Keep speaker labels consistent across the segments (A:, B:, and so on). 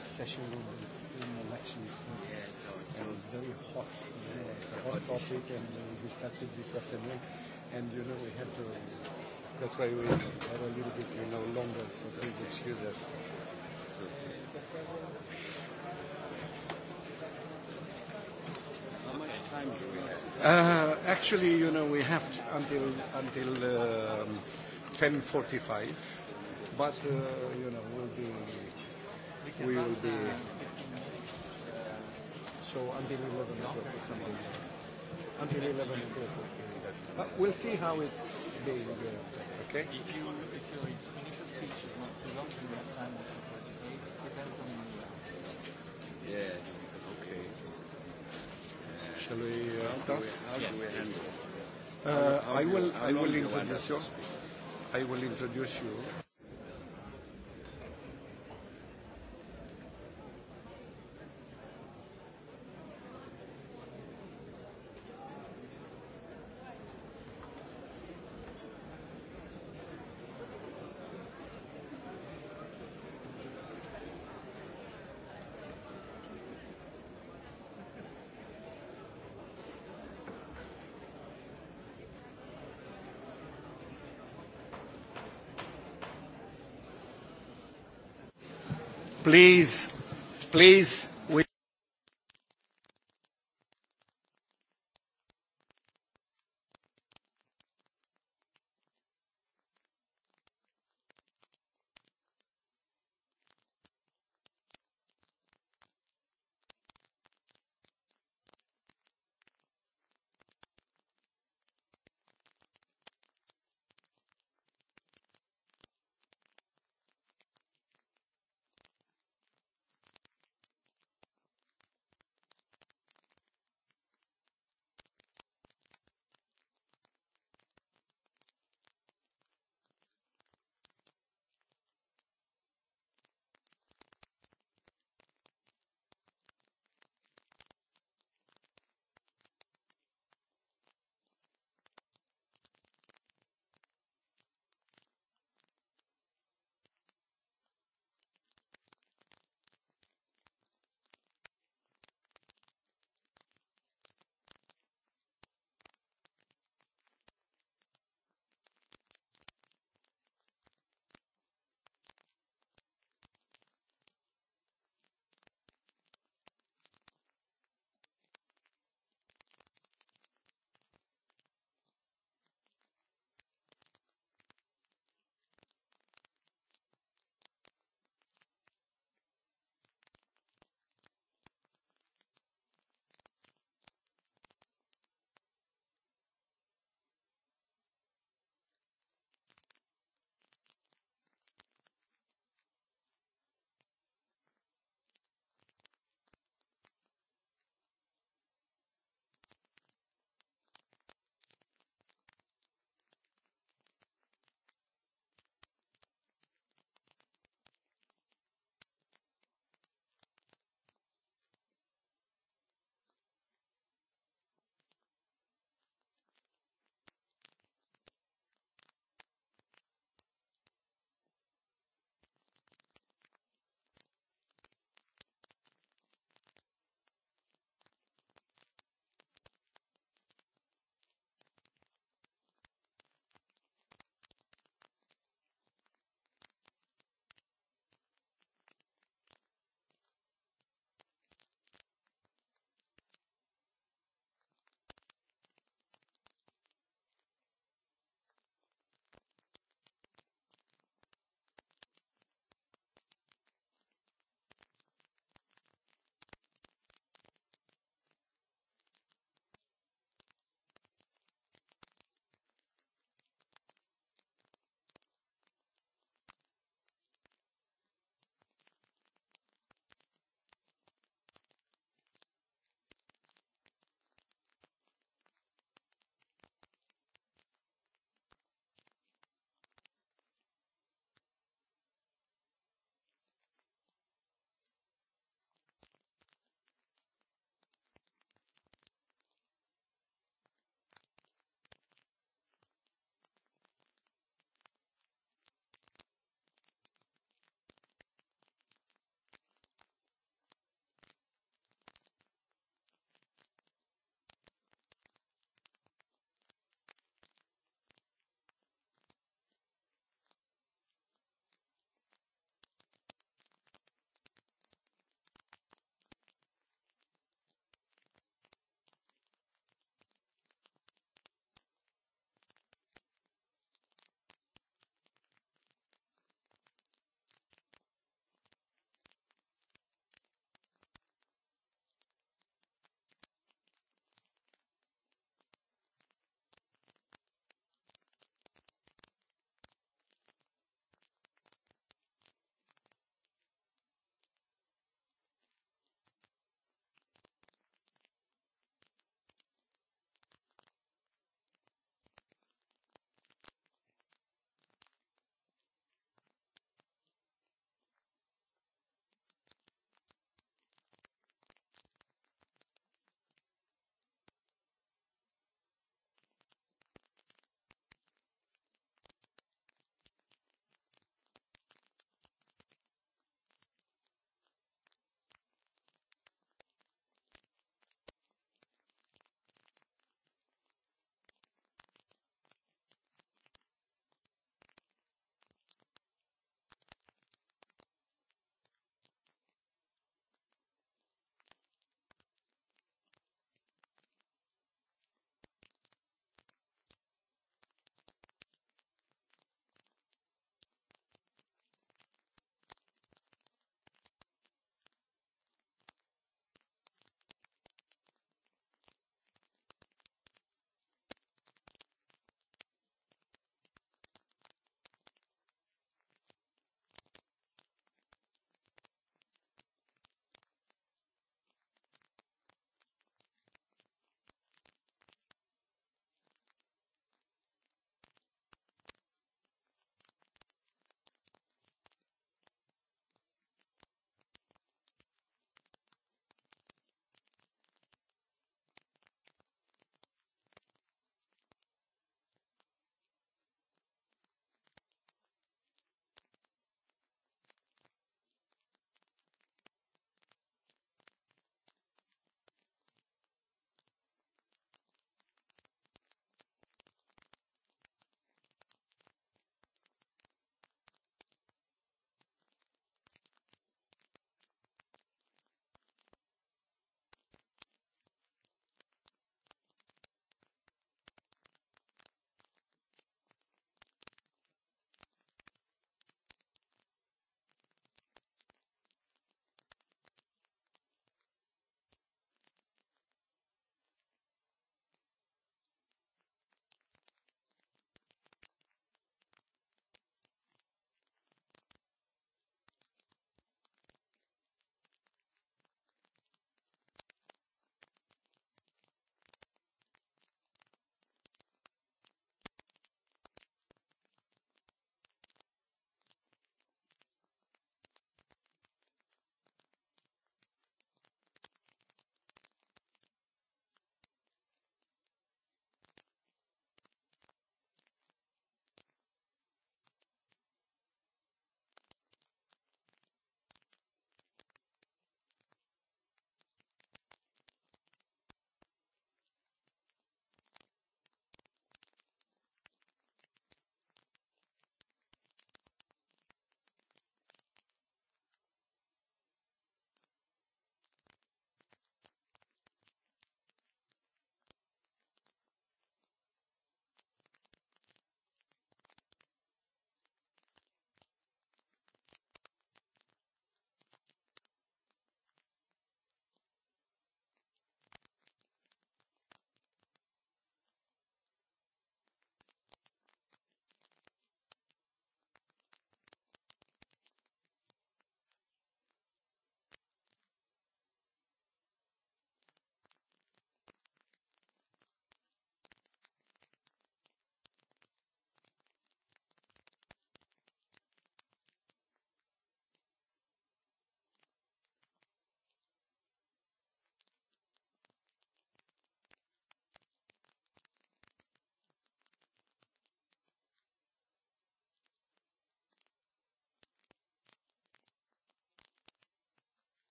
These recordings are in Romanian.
A: session room. It's in elections. Yeah, so it's and very hot. Yeah, it's a hot topic, and uh, we discussed it this afternoon. And you know, we had to. That's why we have a little bit, you know, longer. So please excuse us. How much time do we have? Uh, actually, you know, we have to, until until um, 10:45, but uh, you know, we'll be we will be so until 11 o'clock something until 11 o'clock uh, we'll see how it's being uh, okay if you if your initial speech is not too long you have time also for debate depends on the yes okay uh, shall we uh, start how do we handle uh, I will I will introduce you I will introduce you Please, please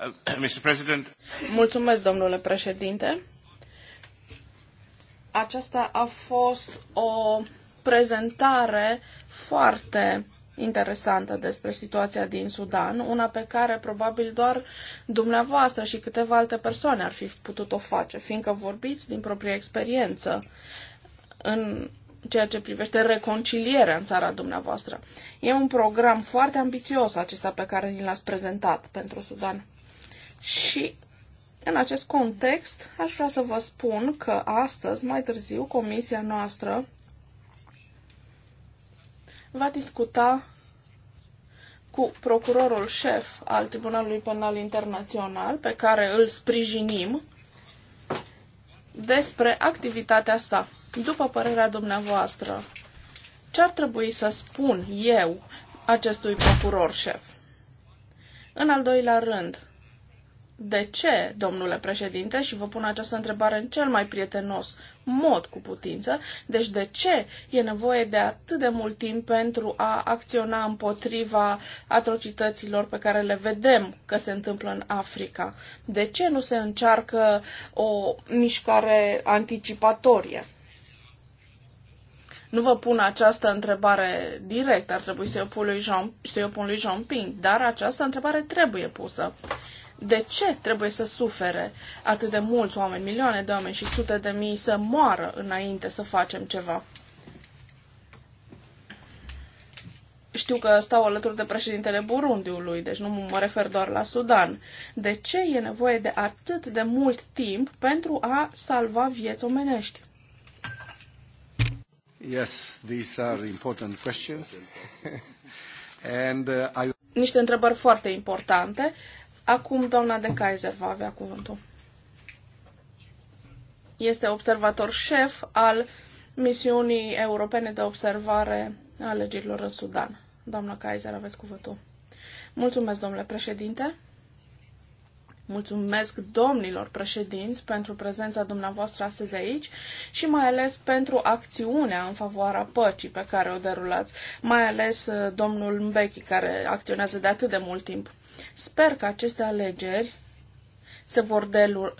A: Uh, Mr. President.
B: Mulțumesc, domnule președinte. Aceasta a fost o prezentare foarte interesantă despre situația din Sudan, una pe care probabil doar dumneavoastră și câteva alte persoane ar fi putut o face, fiindcă vorbiți din proprie experiență în ceea ce privește reconcilierea în țara dumneavoastră. E un program foarte ambițios acesta pe care ni l-ați prezentat pentru Sudan. Și în acest context, aș vrea să vă spun că astăzi, mai târziu, comisia noastră va discuta cu procurorul șef al Tribunalului Penal Internațional, pe care îl sprijinim, despre activitatea sa. După părerea dumneavoastră, ce ar trebui să spun eu acestui procuror șef? În al doilea rând, de ce, domnule președinte, și vă pun această întrebare în cel mai prietenos mod cu putință, deci de ce e nevoie de atât de mult timp pentru a acționa împotriva atrocităților pe care le vedem că se întâmplă în Africa? De ce nu se încearcă o mișcare anticipatorie? Nu vă pun această întrebare direct, ar trebui să o pun lui Jean, să pun lui Jean Ping, dar această întrebare trebuie pusă. De ce trebuie să sufere atât de mulți oameni, milioane de oameni și sute de mii să moară înainte să facem ceva? Știu că stau alături de președintele Burundiului, deci nu mă refer doar la Sudan. De ce e nevoie de atât de mult timp pentru a salva vieți omenești?
A: Yes, these are important questions. And, uh, I...
B: Niște întrebări foarte importante. Acum doamna de Kaiser va avea cuvântul. Este observator șef al misiunii europene de observare a alegerilor în Sudan. Doamna Kaiser, aveți cuvântul. Mulțumesc, domnule președinte. Mulțumesc domnilor președinți pentru prezența dumneavoastră astăzi aici și mai ales pentru acțiunea în favoarea păcii pe care o derulați, mai ales eh, domnul Mbeki care acționează de atât de mult timp. Sper că aceste alegeri se vor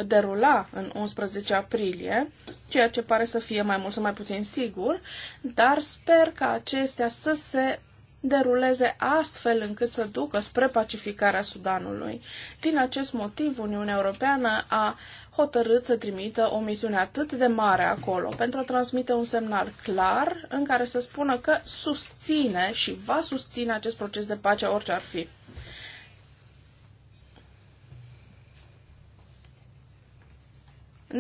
B: derula în 11 aprilie, ceea ce pare să fie mai mult sau mai puțin sigur, dar sper că acestea să se deruleze astfel încât să ducă spre pacificarea Sudanului. Din acest motiv, Uniunea Europeană a hotărât să trimită o misiune atât de mare acolo pentru a transmite un semnal clar în care să spună că susține și va susține acest proces de pace orice ar fi.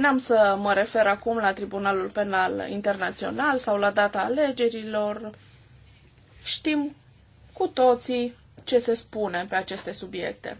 B: N-am să mă refer acum la Tribunalul Penal Internațional sau la data alegerilor. Știm cu toții ce se spune pe aceste subiecte.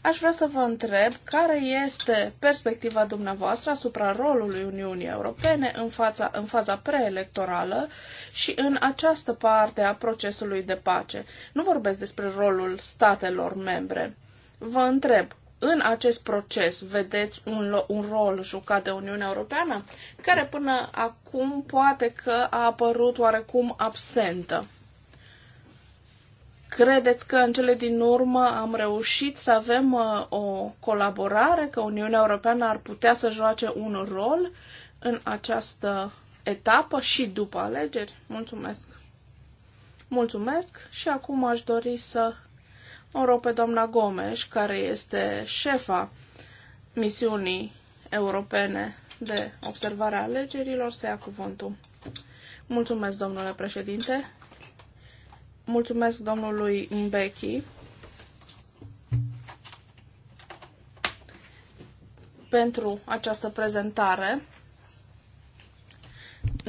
B: Aș vrea să vă întreb care este perspectiva dumneavoastră asupra rolului Uniunii Europene în, fața, în faza preelectorală și în această parte a procesului de pace. Nu vorbesc despre rolul statelor membre. Vă întreb în acest proces vedeți un, un rol jucat de Uniunea Europeană, care până acum poate că a apărut oarecum absentă? Credeți că în cele din urmă am reușit să avem uh, o colaborare, că Uniunea Europeană ar putea să joace un rol în această etapă și după alegeri? Mulțumesc! Mulțumesc și acum aș dori să o rog pe doamna Gomes, care este șefa misiunii europene de observare a alegerilor, să ia cuvântul. Mulțumesc, domnule președinte. Mulțumesc domnului Mbeki pentru această prezentare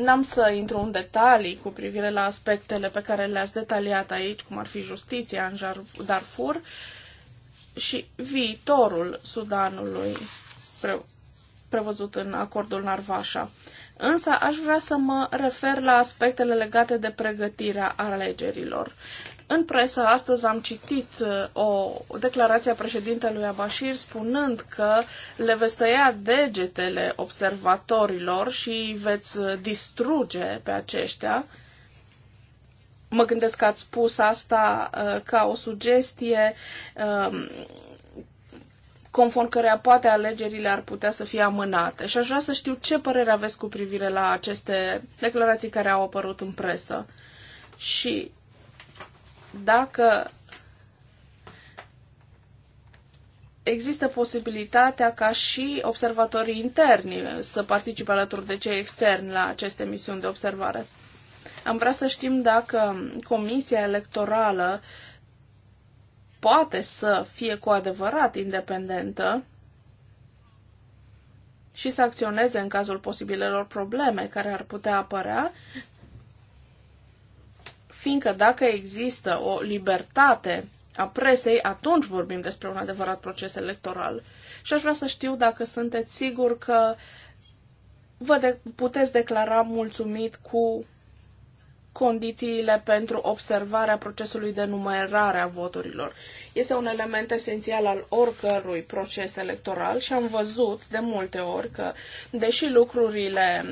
B: N-am să intru în detalii cu privire la aspectele pe care le-ați detaliat aici, cum ar fi justiția în Darfur și viitorul Sudanului pre- prevăzut în acordul Narvașa. Însă aș vrea să mă refer la aspectele legate de pregătirea alegerilor. În presă astăzi am citit uh, o declarație a președintelui Abashir spunând că le veți tăia degetele observatorilor și veți uh, distruge pe aceștia. Mă gândesc că ați spus asta uh, ca o sugestie um, conform cărea poate alegerile ar putea să fie amânate. Și aș vrea să știu ce părere aveți cu privire la aceste declarații care au apărut în presă. Și dacă există posibilitatea ca și observatorii interni să participe alături de cei externi la aceste misiuni de observare. Am vrea să știm dacă Comisia Electorală poate să fie cu adevărat independentă și să acționeze în cazul posibilelor probleme care ar putea apărea fiindcă dacă există o libertate a presei, atunci vorbim despre un adevărat proces electoral. Și aș vrea să știu dacă sunteți sigur că vă de- puteți declara mulțumit cu condițiile pentru observarea procesului de numerare a voturilor. Este un element esențial al oricărui proces electoral și am văzut de multe ori că, deși lucrurile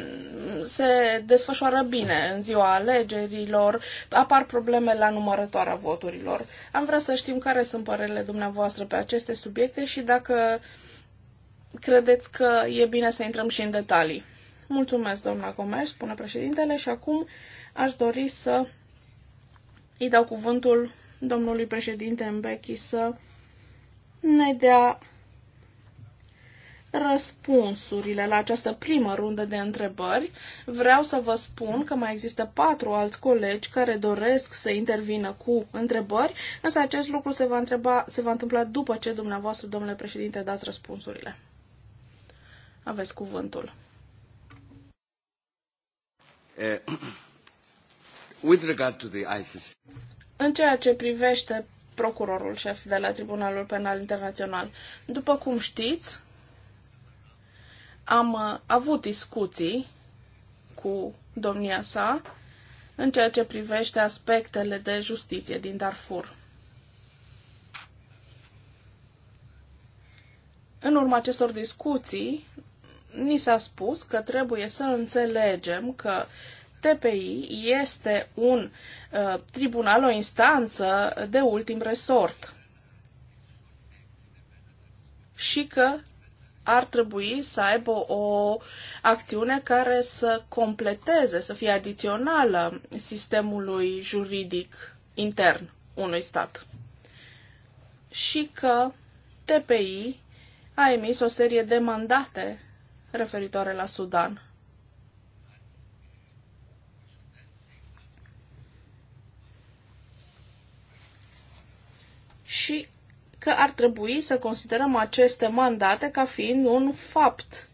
B: se desfășoară bine în ziua alegerilor, apar probleme la numărătoarea voturilor. Am vrea să știm care sunt părerile dumneavoastră pe aceste subiecte și dacă credeți că e bine să intrăm și în detalii. Mulțumesc, doamna Gomes, spune președintele, și acum Aș dori să îi dau cuvântul domnului președinte Mbeki să ne dea răspunsurile la această primă rundă de întrebări. Vreau să vă spun că mai există patru alți colegi care doresc să intervină cu întrebări, însă acest lucru se va, întreba, se va întâmpla după ce dumneavoastră, domnule președinte, dați răspunsurile. Aveți cuvântul.
A: Eh, With regard to the
B: În ceea ce privește procurorul șef de la Tribunalul Penal Internațional, după cum știți, am uh, avut discuții cu domnia sa în ceea ce privește aspectele de justiție din Darfur. În urma acestor discuții, ni s-a spus că trebuie să înțelegem că TPI este un uh, tribunal, o instanță de ultim resort și că ar trebui să aibă o acțiune care să completeze, să fie adițională sistemului juridic intern unui stat. Și că TPI a emis o serie de mandate referitoare la Sudan. și că ar trebui să considerăm aceste mandate ca fiind un fapt,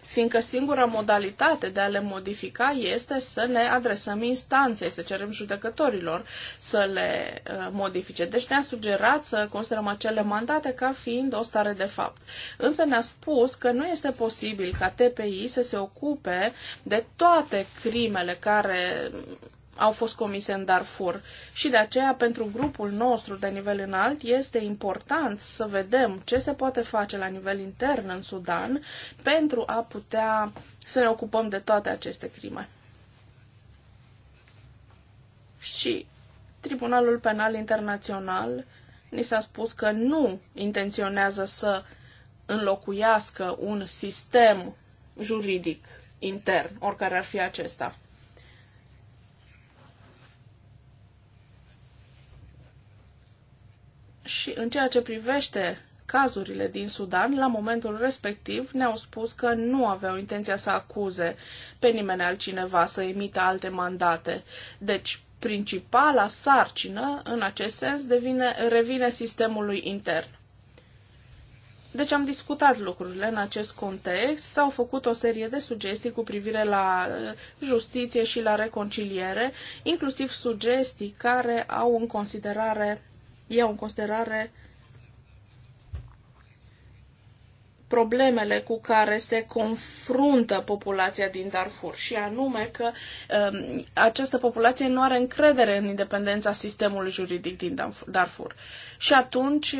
B: fiindcă singura modalitate de a le modifica este să ne adresăm instanței, să cerem judecătorilor să le uh, modifice. Deci ne-a sugerat să considerăm acele mandate ca fiind o stare de fapt. Însă ne-a spus că nu este posibil ca TPI să se ocupe de toate crimele care au fost comise în Darfur. Și de aceea, pentru grupul nostru de nivel înalt, este important să vedem ce se poate face la nivel intern în Sudan pentru a putea să ne ocupăm de toate aceste crime. Și Tribunalul Penal Internațional ni s-a spus că nu intenționează să înlocuiască un sistem juridic intern, oricare ar fi acesta. Și în ceea ce privește cazurile din Sudan, la momentul respectiv ne-au spus că nu aveau intenția să acuze pe nimeni altcineva să emită alte mandate. Deci, principala sarcină, în acest sens, devine, revine sistemului intern. Deci am discutat lucrurile în acest context, s-au făcut o serie de sugestii cu privire la uh, justiție și la reconciliere, inclusiv sugestii care au în considerare iau în considerare problemele cu care se confruntă populația din Darfur și anume că um, această populație nu are încredere în independența sistemului juridic din Darfur. Și atunci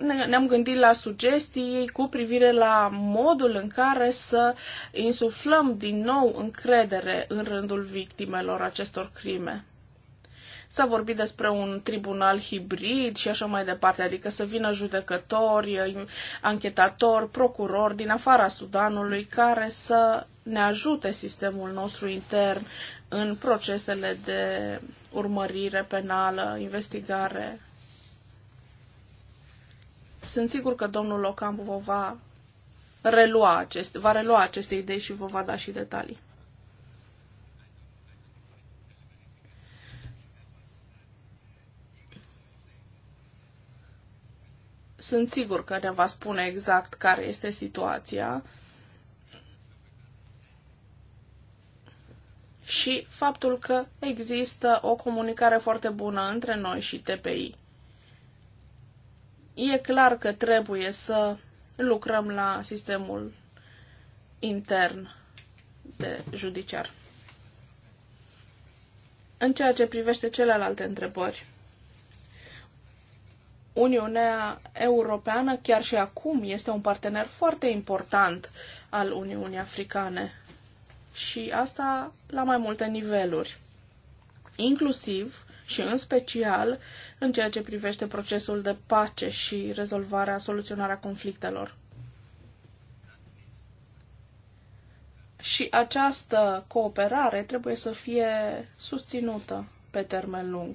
B: ne, ne-am gândit la sugestii cu privire la modul în care să insuflăm din nou încredere în rândul victimelor acestor crime. S-a vorbit despre un tribunal hibrid și așa mai departe, adică să vină judecători, anchetatori, procurori din afara Sudanului care să ne ajute sistemul nostru intern în procesele de urmărire penală, investigare. Sunt sigur că domnul Ocampu vă va relua aceste, va relua aceste idei și vă va da și detalii. Sunt sigur că ne va spune exact care este situația. Și faptul că există o comunicare foarte bună între noi și TPI. E clar că trebuie să lucrăm la sistemul intern de judiciar. În ceea ce privește celelalte întrebări, Uniunea Europeană chiar și acum este un partener foarte important al Uniunii Africane și asta la mai multe niveluri, inclusiv și în special în ceea ce privește procesul de pace și rezolvarea, soluționarea conflictelor. Și această cooperare trebuie să fie susținută pe termen lung.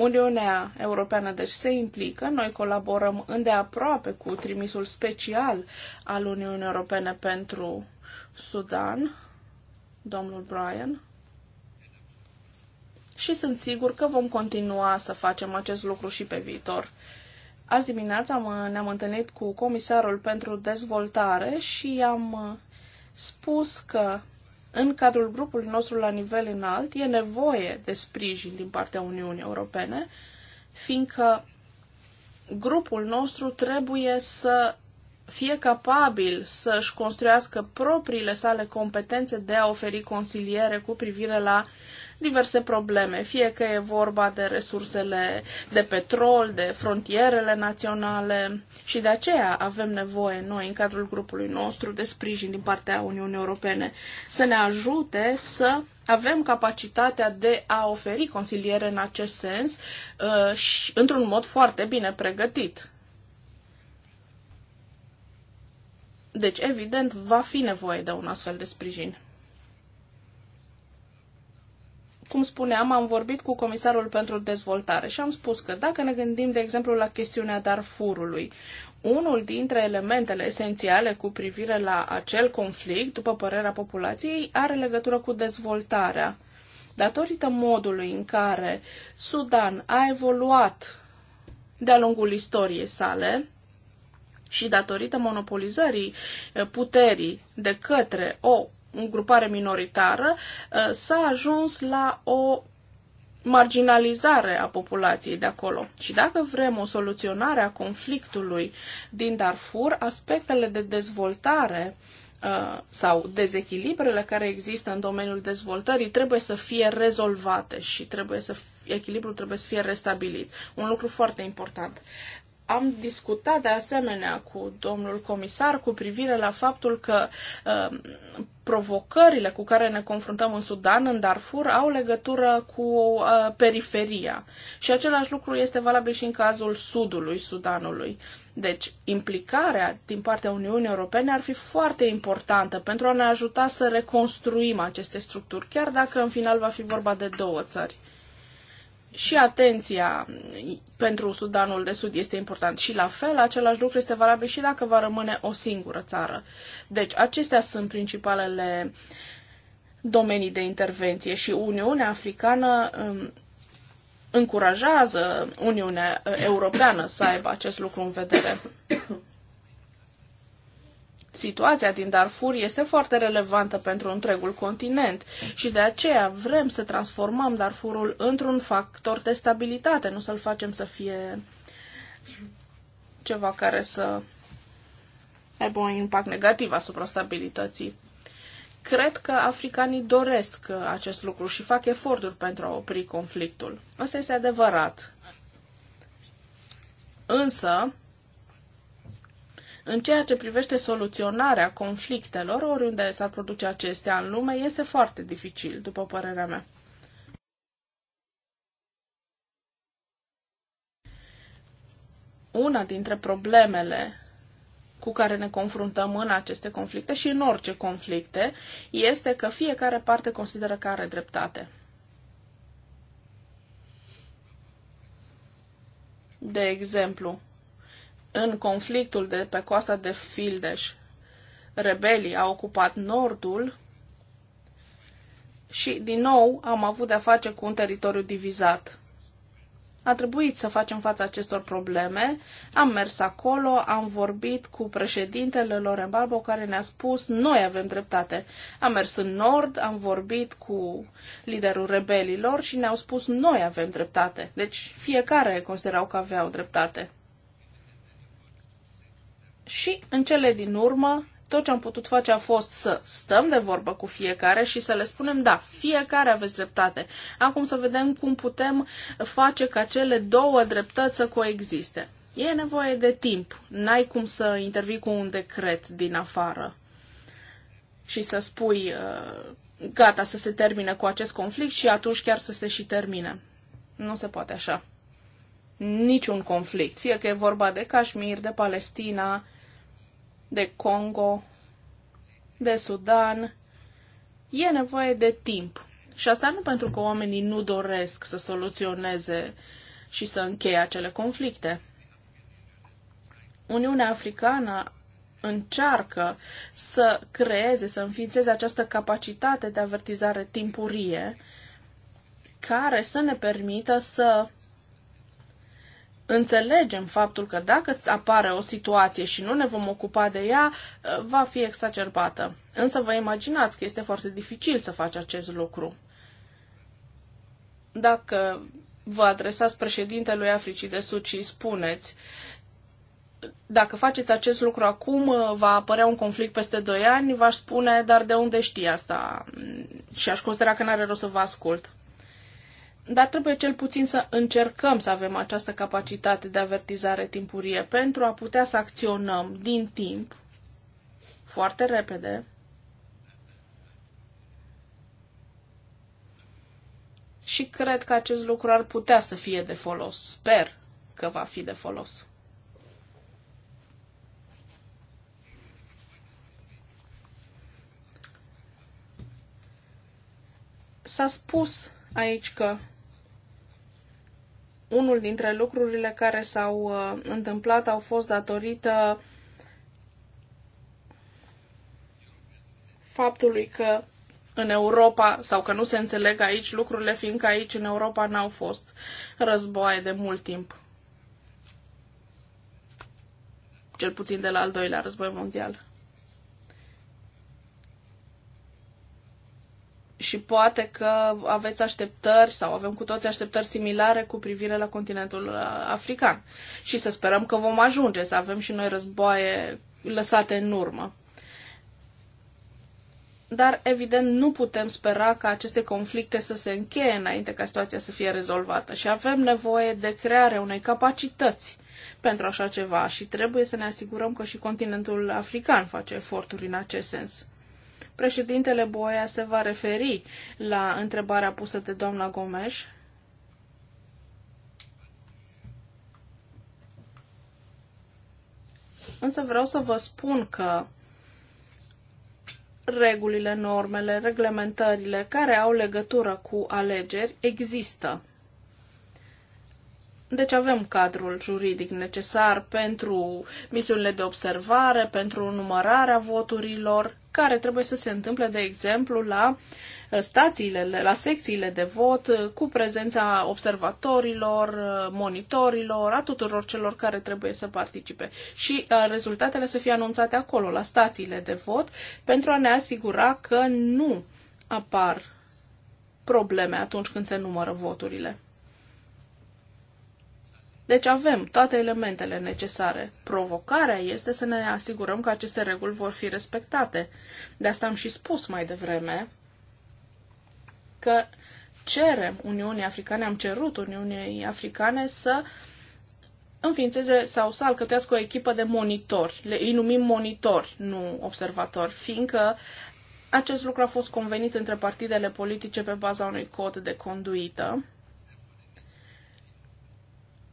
B: Uniunea Europeană deci se implică, noi colaborăm îndeaproape cu trimisul special al Uniunii Europene pentru Sudan, domnul Brian, și sunt sigur că vom continua să facem acest lucru și pe viitor. Azi dimineața ne-am întâlnit cu comisarul pentru dezvoltare și am uh, spus că în cadrul grupului nostru la nivel înalt e nevoie de sprijin din partea Uniunii Europene, fiindcă grupul nostru trebuie să fie capabil să-și construiască propriile sale competențe de a oferi consiliere cu privire la diverse probleme, fie că e vorba de resursele de petrol, de frontierele naționale și de aceea avem nevoie noi în cadrul grupului nostru de sprijin din partea Uniunii Europene să ne ajute să avem capacitatea de a oferi consiliere în acest sens uh, într-un mod foarte bine pregătit. Deci, evident, va fi nevoie de un astfel de sprijin cum spuneam, am vorbit cu Comisarul pentru Dezvoltare și am spus că dacă ne gândim, de exemplu, la chestiunea Darfurului, unul dintre elementele esențiale cu privire la acel conflict, după părerea populației, are legătură cu dezvoltarea. Datorită modului în care Sudan a evoluat de-a lungul istoriei sale și datorită monopolizării eh, puterii de către o grupare minoritară, uh, s-a ajuns la o marginalizare a populației de acolo. Și dacă vrem o soluționare a conflictului din Darfur, aspectele de dezvoltare uh, sau dezechilibrele care există în domeniul dezvoltării trebuie să fie rezolvate și trebuie să echilibrul trebuie să fie restabilit. Un lucru foarte important am discutat de asemenea cu domnul comisar cu privire la faptul că uh, provocările cu care ne confruntăm în Sudan, în Darfur, au legătură cu uh, periferia. Și același lucru este valabil și în cazul sudului Sudanului. Deci, implicarea din partea Uniunii Europene ar fi foarte importantă pentru a ne ajuta să reconstruim aceste structuri, chiar dacă în final va fi vorba de două țări și atenția pentru Sudanul de Sud este important. Și la fel, același lucru este valabil și dacă va rămâne o singură țară. Deci, acestea sunt principalele domenii de intervenție și Uniunea Africană um, încurajează Uniunea uh, Europeană să aibă acest lucru în vedere situația din Darfur este foarte relevantă pentru întregul continent și de aceea vrem să transformăm Darfurul într-un factor de stabilitate, nu să-l facem să fie ceva care să aibă un impact negativ asupra stabilității. Cred că africanii doresc acest lucru și fac eforturi pentru a opri conflictul. Asta este adevărat. Însă, în ceea ce privește soluționarea conflictelor, oriunde s-ar produce acestea în lume, este foarte dificil, după părerea mea. Una dintre problemele cu care ne confruntăm în aceste conflicte și în orice conflicte este că fiecare parte consideră că are dreptate. De exemplu, în conflictul de pe coasta de Fildeș, rebelii au ocupat nordul și, din nou, am avut de-a face cu un teritoriu divizat. A trebuit să facem față acestor probleme. Am mers acolo, am vorbit cu președintele Loren Balbo, care ne-a spus, noi avem dreptate. Am mers în nord, am vorbit cu liderul rebelilor și ne-au spus, noi avem dreptate. Deci fiecare considerau că aveau dreptate. Și în cele din urmă, tot ce am putut face a fost să stăm de vorbă cu fiecare și să le spunem, da, fiecare aveți dreptate. Acum să vedem cum putem face ca cele două dreptăți să coexiste. E nevoie de timp. N-ai cum să intervii cu un decret din afară și să spui, uh, gata, să se termine cu acest conflict și atunci chiar să se și termine. Nu se poate așa. Niciun conflict. Fie că e vorba de Cașmir, de Palestina, de Congo, de Sudan. E nevoie de timp. Și asta nu pentru că oamenii nu doresc să soluționeze și să încheie acele conflicte. Uniunea Africană încearcă să creeze, să înființeze această capacitate de avertizare timpurie care să ne permită să înțelegem faptul că dacă apare o situație și nu ne vom ocupa de ea, va fi exacerbată. Însă vă imaginați că este foarte dificil să faci acest lucru. Dacă vă adresați președintelui Africii de Sud și îi spuneți dacă faceți acest lucru acum, va apărea un conflict peste 2 ani, v-aș spune, dar de unde știi asta? Și aș considera că n-are rost să vă ascult. Dar trebuie cel puțin să încercăm să avem această capacitate de avertizare timpurie pentru a putea să acționăm din timp, foarte repede, și cred că acest lucru ar putea să fie de folos. Sper că va fi de folos. S-a spus aici că unul dintre lucrurile care s-au uh, întâmplat au fost datorită faptului că în Europa, sau că nu se înțeleg aici lucrurile, fiindcă aici în Europa n-au fost războaie de mult timp. Cel puțin de la al doilea război mondial. și poate că aveți așteptări sau avem cu toți așteptări similare cu privire la continentul uh, african. Și să sperăm că vom ajunge să avem și noi războaie lăsate în urmă. Dar, evident, nu putem spera ca aceste conflicte să se încheie înainte ca situația să fie rezolvată și avem nevoie de crearea unei capacități pentru așa ceva și trebuie să ne asigurăm că și continentul african face eforturi în acest sens. Președintele Boia se va referi la întrebarea pusă de doamna Gomes. Însă vreau să vă spun că regulile, normele, reglementările care au legătură cu alegeri există. Deci avem cadrul juridic necesar pentru misiunile de observare, pentru numărarea voturilor care trebuie să se întâmple, de exemplu, la uh, stațiile, la secțiile de vot, uh, cu prezența observatorilor, uh, monitorilor, a tuturor celor care trebuie să participe. Și rezultatele să fie anunțate acolo, la stațiile de vot, pentru a ne asigura că nu apar probleme atunci când se numără voturile. Deci avem toate elementele necesare. Provocarea este să ne asigurăm că aceste reguli vor fi respectate. De asta am și spus mai devreme că cerem Uniunii Africane, am cerut Uniunii Africane să înființeze sau să alcătuiască o echipă de monitori. Le, îi numim monitori, nu observatori, fiindcă acest lucru a fost convenit între partidele politice pe baza unui cod de conduită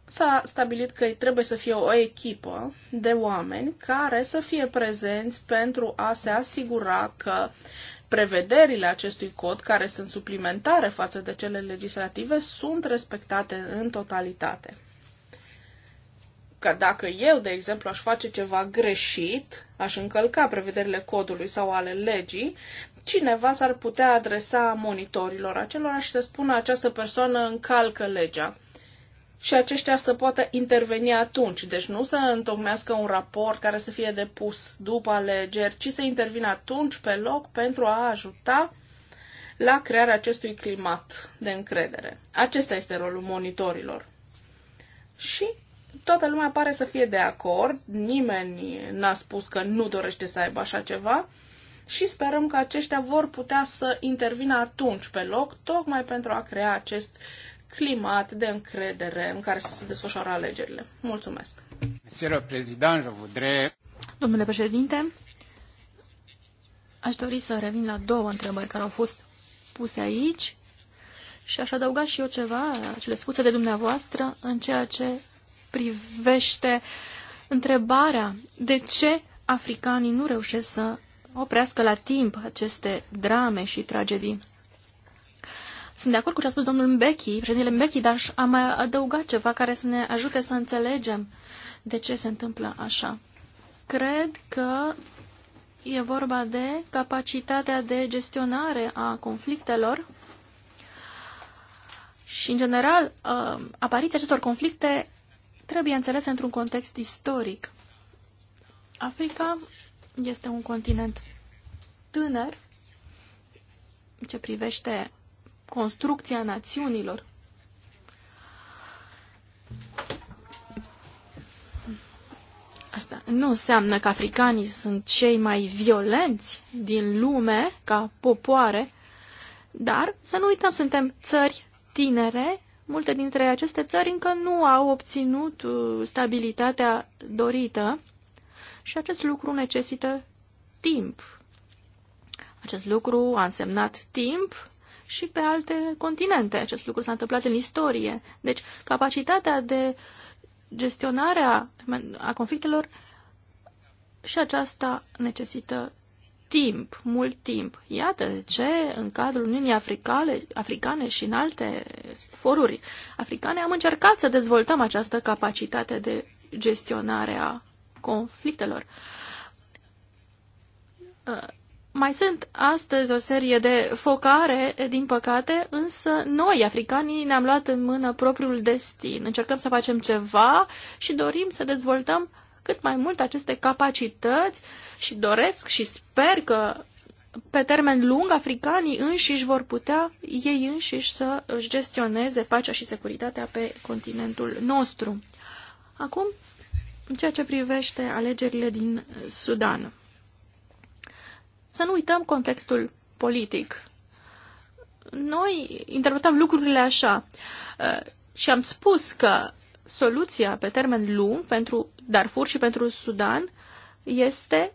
B: s-a stabilit că trebuie să fie o echipă de oameni care să fie prezenți pentru a se asigura că prevederile acestui cod, care sunt suplimentare față de cele legislative, sunt respectate în totalitate. Că dacă eu, de exemplu, aș face ceva greșit, aș încălca prevederile codului sau ale legii, cineva s-ar putea adresa monitorilor acelora și să spună această persoană încalcă legea și aceștia să poată interveni atunci. Deci nu să întocmească un raport care să fie depus după alegeri, ci să intervină atunci pe loc pentru a ajuta la crearea acestui climat de încredere. Acesta este rolul monitorilor. Și toată lumea pare să fie de acord, nimeni n-a spus că nu dorește să aibă așa ceva și sperăm că aceștia vor putea să intervină atunci pe loc, tocmai pentru a crea acest uh, climat de încredere în care să se desfășoare alegerile. Mulțumesc!
C: Domnule președinte, aș dori să revin la două întrebări care au fost puse aici și aș adăuga și eu ceva, cele spuse de dumneavoastră, în ceea ce privește întrebarea de ce africanii nu reușesc să oprească la timp aceste drame și tragedii. Sunt de acord cu ce a spus domnul Mbechi, președintele Mbechi, dar am mai adăugat ceva care să ne ajute să înțelegem de ce se întâmplă așa. Cred că e vorba de capacitatea de gestionare a conflictelor și, în general, uh, apariția acestor conflicte trebuie înțelese într-un context istoric. Africa este un continent tânăr ce privește construcția națiunilor. Asta nu înseamnă că africanii sunt cei mai violenți din lume ca popoare, dar să nu uităm, suntem țări tinere, multe dintre aceste țări încă nu au obținut uh, stabilitatea dorită și acest lucru necesită timp. Acest lucru a însemnat timp și pe alte continente. Acest lucru s-a întâmplat în istorie. Deci, capacitatea de gestionare a conflictelor și aceasta necesită timp, mult timp. Iată de ce, în cadrul Uniunii Africale, Africane și în alte foruri africane, am încercat să dezvoltăm această capacitate de gestionare a conflictelor. Mai sunt astăzi o serie de focare, din păcate, însă noi, africanii, ne-am luat în mână propriul destin. Încercăm să facem ceva și dorim să dezvoltăm cât mai mult aceste capacități și doresc și sper că pe termen lung africanii înșiși vor putea ei înșiși să își gestioneze pacea și securitatea pe continentul nostru. Acum, în ceea ce privește alegerile din Sudan. Să nu uităm contextul politic. Noi interpretăm lucrurile așa uh, și am spus că soluția pe termen lung pentru Darfur și pentru Sudan este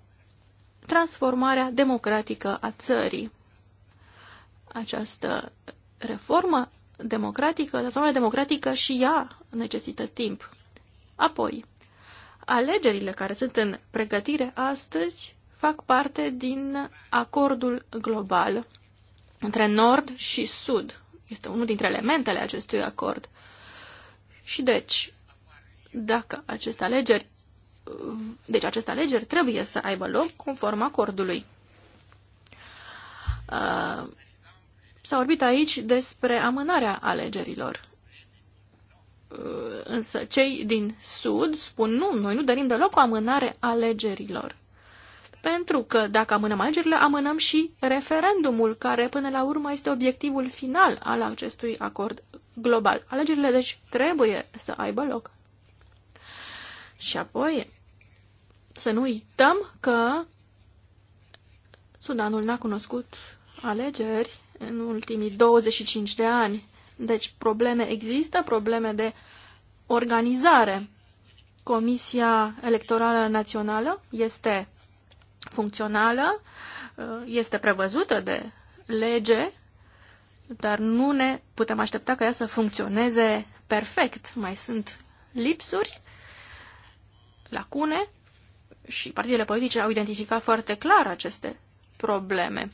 C: transformarea democratică a țării. Această reformă democratică, transformarea democratică și ea necesită timp. Apoi, alegerile care sunt în pregătire astăzi fac parte din acordul global între Nord și Sud. Este unul dintre elementele acestui acord. Și deci, dacă aceste alegeri, deci aceste alegeri trebuie să aibă loc conform acordului. Uh, s-a vorbit aici despre amânarea alegerilor. Uh, însă cei din Sud spun nu, noi nu dărim deloc o amânare a alegerilor pentru că dacă amânăm alegerile, amânăm și referendumul, care până la urmă este obiectivul final al acestui acord global. Alegerile, deci, trebuie să aibă loc. Și apoi, să nu uităm că Sudanul n-a cunoscut alegeri în ultimii 25 de ani. Deci probleme există, probleme de organizare. Comisia Electorală Națională este funcțională uh, este prevăzută de lege, dar nu ne putem aștepta ca ea să funcționeze perfect. Mai sunt lipsuri, lacune și partidele politice au identificat foarte clar aceste probleme.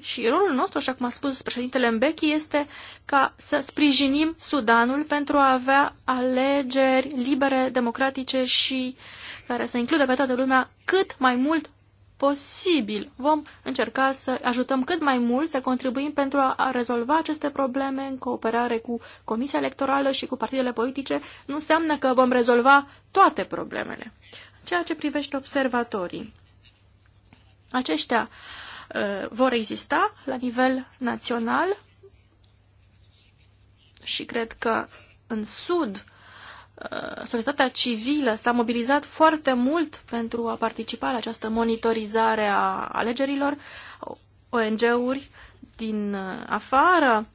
C: Și rolul nostru, așa cum a spus președintele Mbeki, este ca să sprijinim Sudanul pentru a avea alegeri libere, democratice și uh, care să includă pe toată lumea cât mai mult posibil. Vom încerca să ajutăm cât mai mult, să contribuim pentru a rezolva aceste probleme în cooperare cu Comisia Electorală și cu partidele politice. Nu înseamnă că vom rezolva toate problemele. În ceea ce privește observatorii, aceștia uh, vor exista la nivel național și cred că în Sud Uh, societatea civilă s-a mobilizat foarte mult pentru a participa la această monitorizare a alegerilor, ONG-uri din uh, afară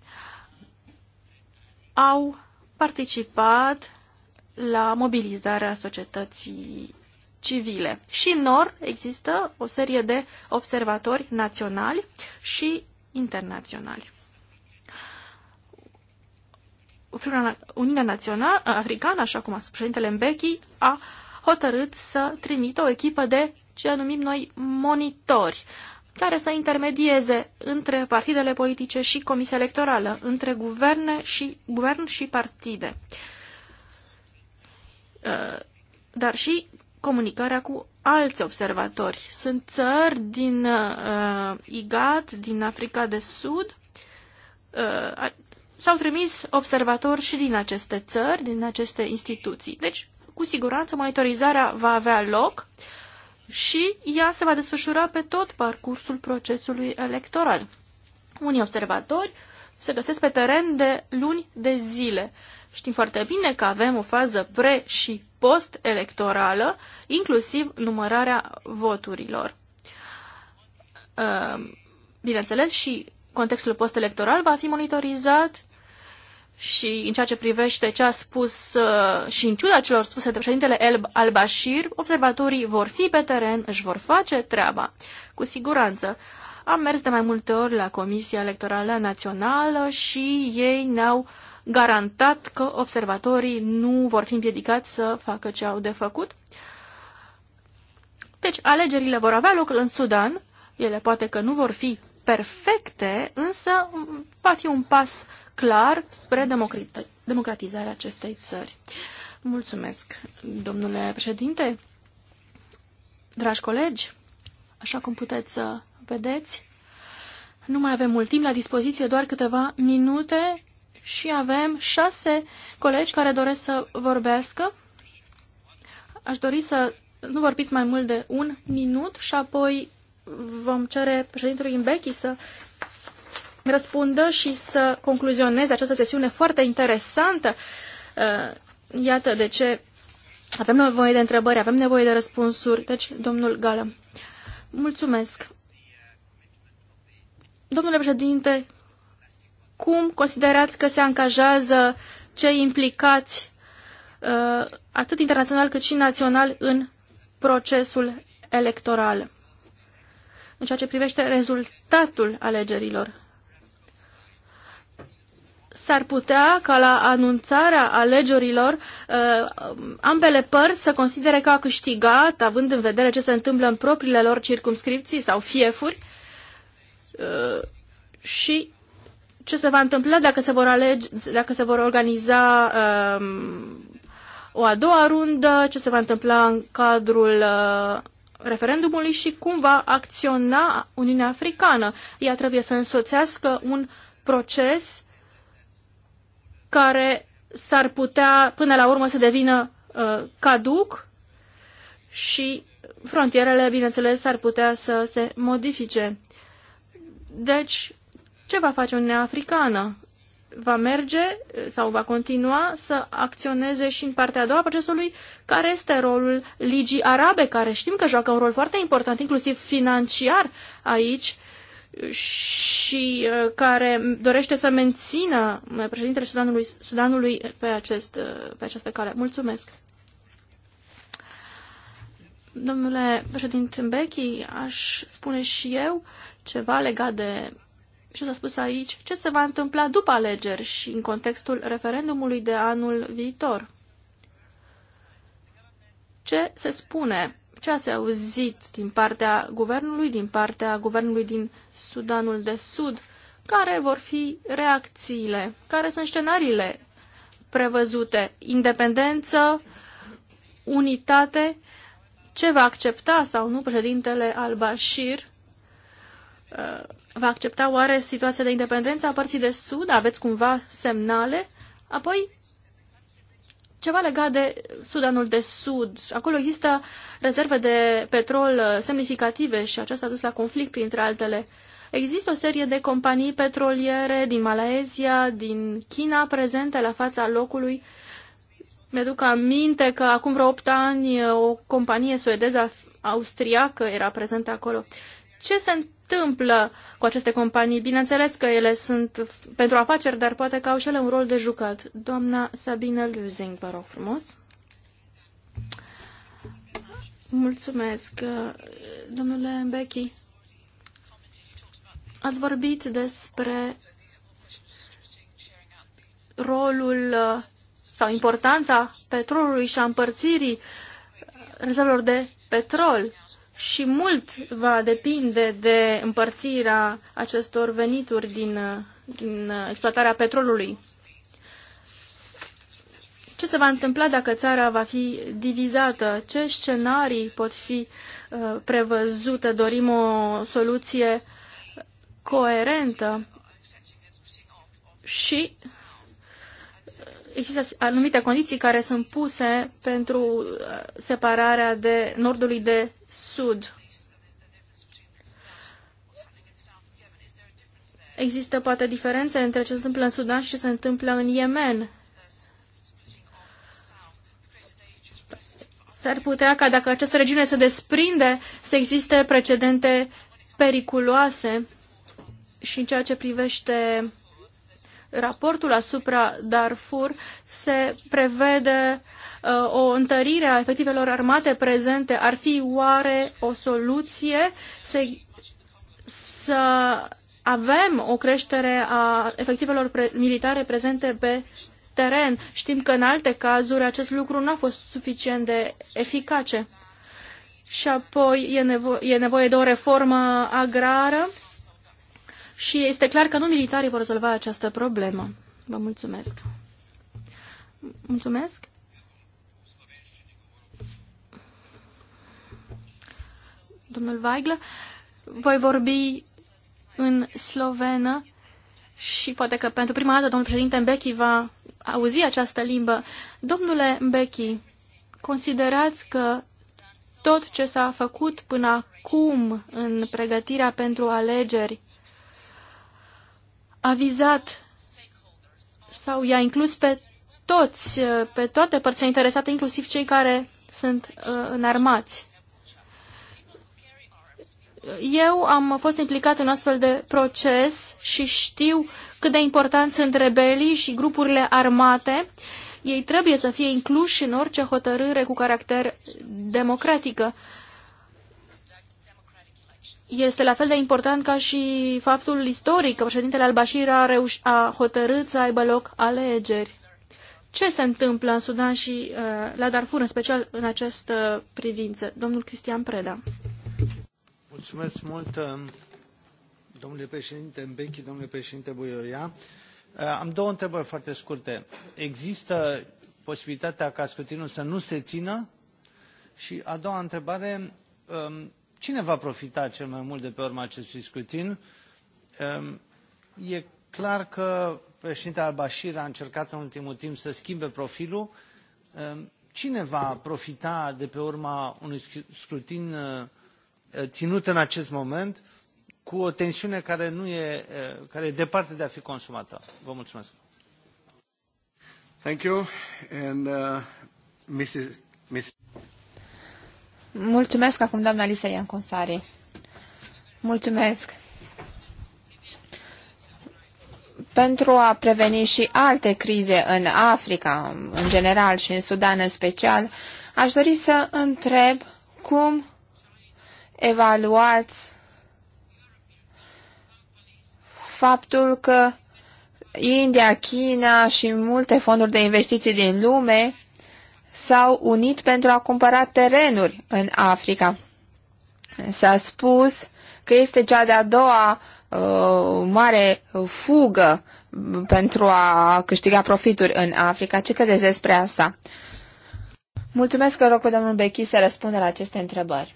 C: au participat la mobilizarea societății civile. Și în Nord există o serie de observatori naționali și internaționali. Uniunea Națională Africană, așa cum a spus președintele Mbeki, a hotărât să trimită o echipă de ce numim noi monitori, care să intermedieze între partidele politice și comisia electorală, între guverne și, guvern și partide, dar și comunicarea cu alți observatori. Sunt țări din uh, IGAT, din Africa de Sud, uh, s-au trimis observatori și din aceste țări, din aceste instituții. Deci, cu siguranță, monitorizarea va avea loc și ea se va desfășura pe tot parcursul procesului electoral. Unii observatori se găsesc pe teren de luni de zile. Știm foarte bine că avem o fază pre- și post-electorală, inclusiv numărarea voturilor. Ehm, bineînțeles, și contextul post-electoral va fi monitorizat și în ceea ce privește ce a spus uh, și în ciuda celor spuse de președintele Al-Bashir, observatorii vor fi pe teren, își vor face treaba. Cu siguranță. Am mers de mai multe ori la Comisia Electorală Națională și ei ne-au garantat că observatorii nu vor fi împiedicați să facă ce au de făcut. Deci, alegerile vor avea loc în Sudan, ele poate că nu vor fi perfecte, însă va fi un pas clar spre democratizarea acestei țări. Mulțumesc, domnule președinte, dragi colegi, așa cum puteți să vedeți, nu mai avem mult timp la dispoziție, doar câteva minute și avem șase colegi care doresc să vorbească. Aș dori să nu vorbiți mai mult de un minut și apoi vom cere președintelui Imbechi să răspundă și să concluzioneze această sesiune foarte interesantă. Uh, iată de ce avem nevoie de întrebări, avem nevoie de răspunsuri. Deci, domnul Gală, mulțumesc. Domnule președinte, cum considerați că se angajează cei implicați uh, atât internațional cât și național în procesul electoral în ceea ce privește rezultatul alegerilor? s-ar putea ca la anunțarea alegerilor uh, ambele părți să considere că a câștigat, având în vedere ce se întâmplă în propriile lor circumscripții sau fiefuri uh, și ce se va întâmpla dacă se vor, alege, dacă se vor organiza um, o a doua rundă, ce se va întâmpla în cadrul uh, referendumului și cum va acționa Uniunea Africană. Ea trebuie să însoțească un proces care s-ar putea până la urmă să devină uh, caduc și frontierele, bineînțeles, s-ar putea să se modifice. Deci, ce va face Uniunea Africană? Va merge uh, sau va continua să acționeze și în partea a doua procesului? Care este rolul Ligii Arabe, care știm că joacă un rol foarte important, inclusiv financiar aici? Uh, și uh, care dorește să mențină uh, președintele Sudanului, Sudanului pe, acest, uh, pe această cale. Mulțumesc! Domnule președinte Mbeki, aș spune și eu ceva legat de ce s-a spus aici, ce se va întâmpla după alegeri și în contextul referendumului de anul viitor. Ce se spune? Ce ați auzit din partea guvernului, din partea guvernului din Sudanul de Sud, care vor fi reacțiile, care sunt scenariile prevăzute, independență, unitate, ce va accepta sau nu președintele al-Bashir, uh, va accepta oare situația de independență a părții de Sud, aveți cumva semnale, apoi ceva legat de Sudanul de Sud. Acolo există rezerve de petrol semnificative și aceasta a dus la conflict, printre altele. Există o serie de companii petroliere din Malaezia, din China, prezente la fața locului. Mi-aduc aminte că acum vreo 8 ani o companie suedeză austriacă era prezentă acolo. Ce se întâmplă cu aceste companii? Bineînțeles că ele sunt pentru afaceri, dar poate că au și ele un rol de jucat. Doamna Sabine Luzing, vă rog frumos. Mulțumesc, domnule Becky. Ați vorbit despre rolul uh, sau importanța petrolului și a împărțirii uh, rezervelor de petrol și mult va depinde de împărțirea acestor venituri din, uh, din exploatarea petrolului. Ce se va întâmpla dacă țara va fi divizată? Ce scenarii pot fi uh, prevăzute? Dorim o soluție uh, coerentă și există anumite condiții care sunt puse pentru uh, separarea de nordului de sud. Există poate diferențe între ce se întâmplă în Sudan și ce se întâmplă în Yemen. S-ar putea ca dacă această regiune se desprinde să existe precedente periculoase și în ceea ce privește raportul asupra Darfur se prevede uh, o întărire a efectivelor armate prezente. Ar fi oare o soluție să, să avem o creștere a efectivelor pre militare prezente pe teren? Știm că în alte cazuri acest lucru nu a fost suficient de eficace. Și apoi e, nevo- e nevoie de o reformă agrară și este clar că nu militarii vor rezolva această problemă. Vă mulțumesc. Mulțumesc. Domnul Weigl, voi vorbi în slovenă și poate că pentru prima dată domnul președinte Mbeki va auzi această limbă. Domnule Mbeki, considerați că tot ce s-a făcut până acum în pregătirea pentru alegeri a vizat sau i-a inclus pe toți, uh, pe toate părțile interesate, inclusiv cei care sunt uh, înarmați. Eu am fost implicat în astfel de proces și știu cât de important sunt rebelii și grupurile armate. Ei trebuie să fie incluși în orice hotărâre cu caracter democratică. Uh, este la fel de important ca și faptul istoric că președintele al-Bashir a, reuș- a hotărât să aibă loc alegeri. Ce se întâmplă în Sudan și uh, la Darfur, în special în această privință? Domnul Cristian Preda.
A: Mulțumesc mult, um, domnule președinte Mbeki, domnule președinte Buioia. Uh, am două întrebări foarte scurte. Există posibilitatea ca scrutinul să nu se țină? Și a doua întrebare, um, Cine va profita cel mai mult de pe urma acestui scrutin? Ehm, e clar că președintele al-Bashir a încercat în ultimul timp să schimbe profilul. Ehm, cine va profita de pe urma unui scrutin eh, eh, ținut în acest moment cu o tensiune care, nu e, eh, care e departe de a fi consumată? Vă mulțumesc. Thank you. And, uh, Mrs. Mrs.
D: Mulțumesc acum, doamna Lisa Ianconsari. Mulțumesc. Pentru a preveni și alte crize în Africa, în general, și în Sudan în special, aș dori să întreb cum evaluați faptul că India, China și multe fonduri de investiții din lume s-au unit pentru a cumpăra terenuri în Africa. S-a spus că este cea de-a doua uh, mare fugă pentru a câștiga profituri în Africa. Ce credeți despre asta? Mulțumesc că rog pe domnul Bechi să răspundă la aceste întrebări.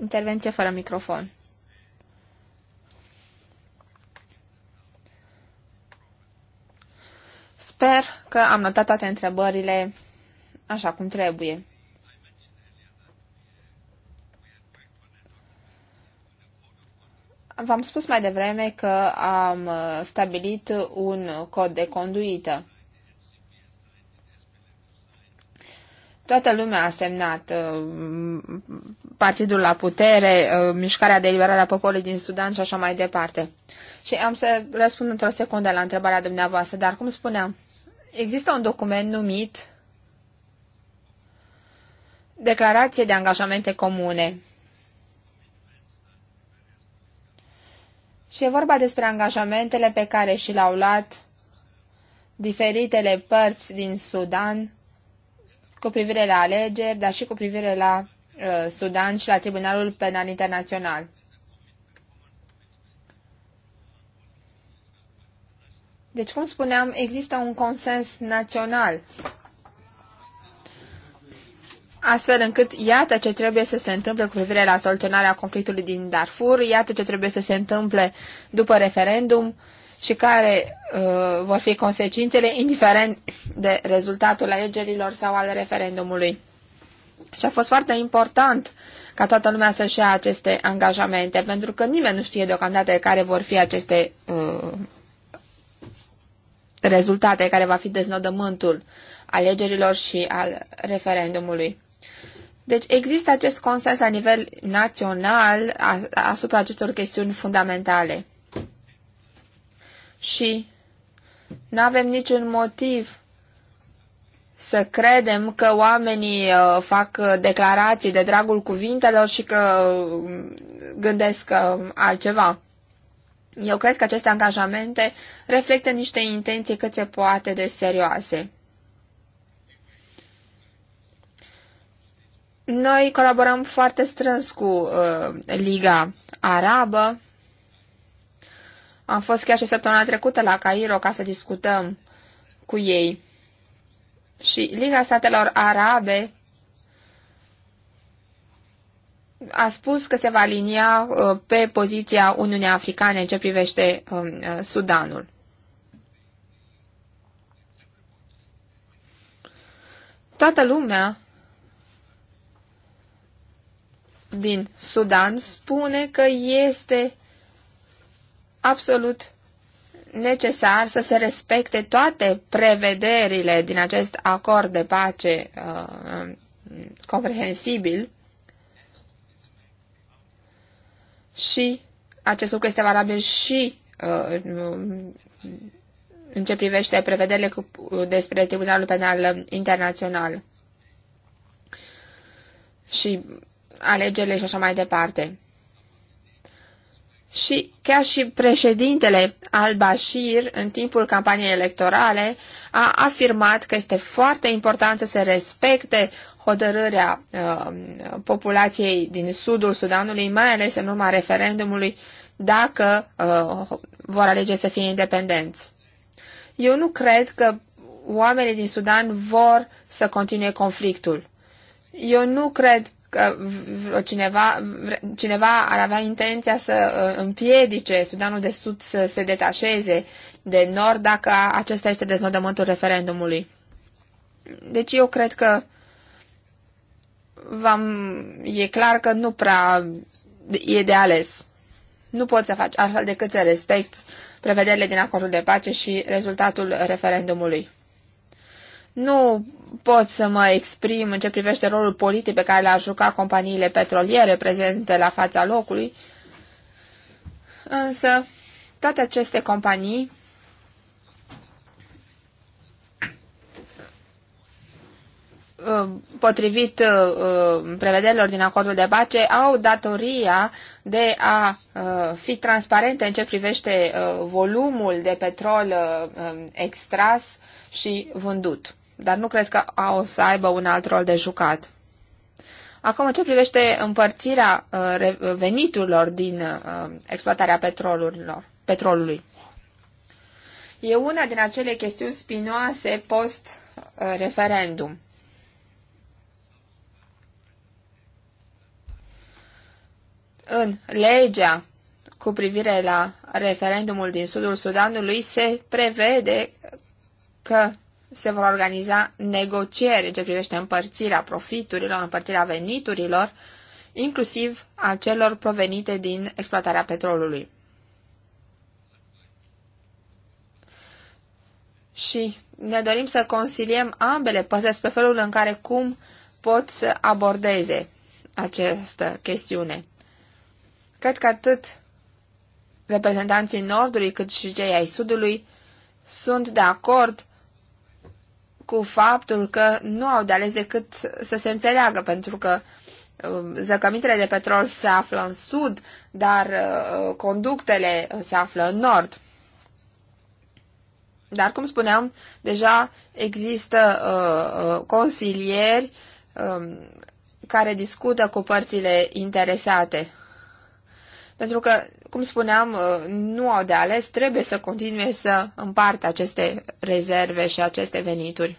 D: Intervenție fără microfon. Sper că am notat toate întrebările așa cum trebuie. V-am spus mai devreme că am uh, stabilit un cod de conduită. Toată lumea a semnat uh, partidul la putere, uh, mișcarea de eliberare a poporului din Sudan și așa mai departe. Și am să răspund într-o secundă la întrebarea dumneavoastră, dar cum spuneam, există un document numit Declarație de angajamente comune. Și e vorba despre angajamentele pe care și le-au luat diferitele părți din Sudan cu privire la alegeri, dar și cu privire la uh, Sudan și la Tribunalul Penal Internațional. Deci, cum spuneam, există un consens național. Astfel încât, iată ce trebuie să se întâmple cu privire la soluționarea conflictului din Darfur, iată ce trebuie să se întâmple după referendum și care uh, vor fi consecințele, indiferent de rezultatul alegerilor sau al referendumului. Și a fost foarte important ca toată lumea să-și ia aceste angajamente, pentru că nimeni nu știe deocamdată care vor fi aceste uh, rezultate care va fi deznodământul alegerilor și al referendumului. Deci există acest consens la nivel național asupra acestor chestiuni fundamentale. Și nu avem niciun motiv să credem că oamenii uh, fac uh, declarații de dragul cuvintelor și că uh, gândesc altceva. Eu cred că aceste angajamente reflectă niște intenții cât se poate de serioase. Noi colaborăm foarte strâns cu uh, Liga Arabă. Am fost chiar și săptămâna trecută la Cairo ca să discutăm cu ei. Și Liga Statelor Arabe a spus că se va alinia uh, pe poziția Uniunii Africane în ce privește um, uh, Sudanul. Toată lumea din Sudan spune că este absolut necesar să se respecte toate prevederile din acest acord de pace uh, um, comprehensibil și acest lucru este valabil și uh, în ce privește prevederile cu, despre Tribunalul Penal Internațional și alegerile și așa mai departe. Și chiar și președintele al-Bashir, în timpul campaniei electorale, a afirmat că este foarte important să se respecte hotărârea uh, populației din sudul Sudanului, mai ales în urma referendumului, dacă uh, vor alege să fie independenți. Eu nu cred că oamenii din Sudan vor să continue conflictul. Eu nu cred că cineva, cineva ar avea intenția să uh, împiedice Sudanul de Sud să se detașeze de Nord dacă acesta este deznodământul referendumului. Deci eu cred că uh, V-am, e clar că nu prea e de ales. Nu poți să faci altfel decât să respecti prevederile din acordul de pace și rezultatul referendumului. Nu pot să mă exprim în ce privește rolul politic pe care l-a jucat companiile petroliere prezente la fața locului, însă toate aceste companii Uh, potrivit uh, uh, prevederilor din acordul de pace, au datoria de a fi transparente în ce privește volumul de petrol um, extras și vândut. Dar nu cred că au să aibă un alt rol de jucat. Acum, în ce privește împărțirea veniturilor din exploatarea petrolurilor, petrolului? E una din acele chestiuni spinoase post-referendum. în legea cu privire la referendumul din sudul Sudanului se prevede că se vor organiza negocieri ce privește împărțirea profiturilor, împărțirea veniturilor, inclusiv a celor provenite din exploatarea petrolului. Și ne dorim să consiliem ambele părți despre felul în care cum pot să abordeze această chestiune. Cred că atât reprezentanții Nordului cât și cei ai Sudului sunt de acord cu faptul că nu au de ales decât să se înțeleagă, pentru că um, zăcămintele de petrol se află în sud, dar uh, conductele se află în nord. Dar, cum spuneam, deja există uh, uh consilieri uh, care discută cu părțile interesate pentru că, cum spuneam, uh, nu au de ales, trebuie să continue să împartă aceste rezerve și aceste venituri.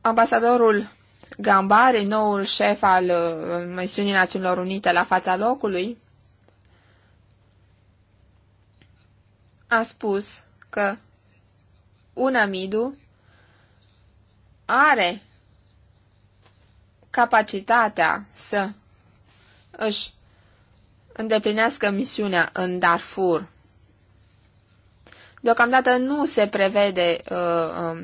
D: Ambasadorul Gambari, noul șef al uh, misiunii Națiunilor Unite la fața locului, a spus că UNAMIDU are capacitatea să își îndeplinească misiunea în Darfur. Deocamdată nu se prevede uh, um,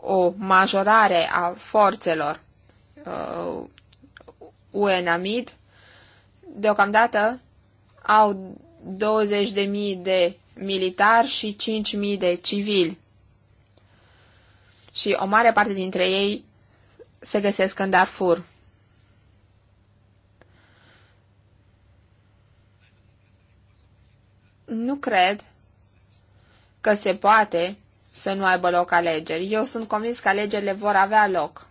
D: o majorare a forțelor uh, UNAMID. Deocamdată au 20.000 de militari și 5.000 de civili. Și o mare parte dintre ei se găsesc în Darfur. Nu cred că se poate să nu aibă loc alegeri. Eu sunt convins că alegerile vor avea loc.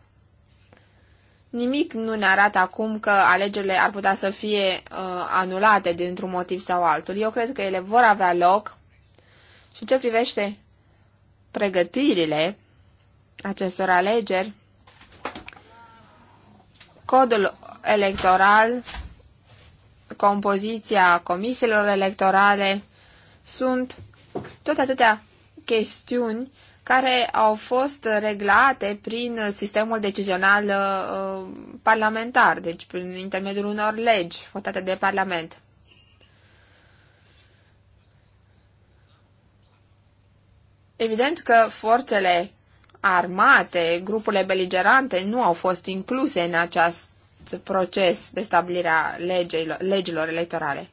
D: Nimic nu ne arată acum că alegerile ar putea să fie uh, anulate dintr-un motiv sau altul. Eu cred că ele vor avea loc și ce privește pregătirile acestor alegeri, codul electoral, compoziția comisiilor electorale, sunt tot atâtea chestiuni care au fost reglate prin sistemul decizional uh, parlamentar, deci prin intermediul unor legi votate de Parlament. Evident că forțele armate, grupurile beligerante nu au fost incluse în acest proces de stabilire a legilor, legilor electorale.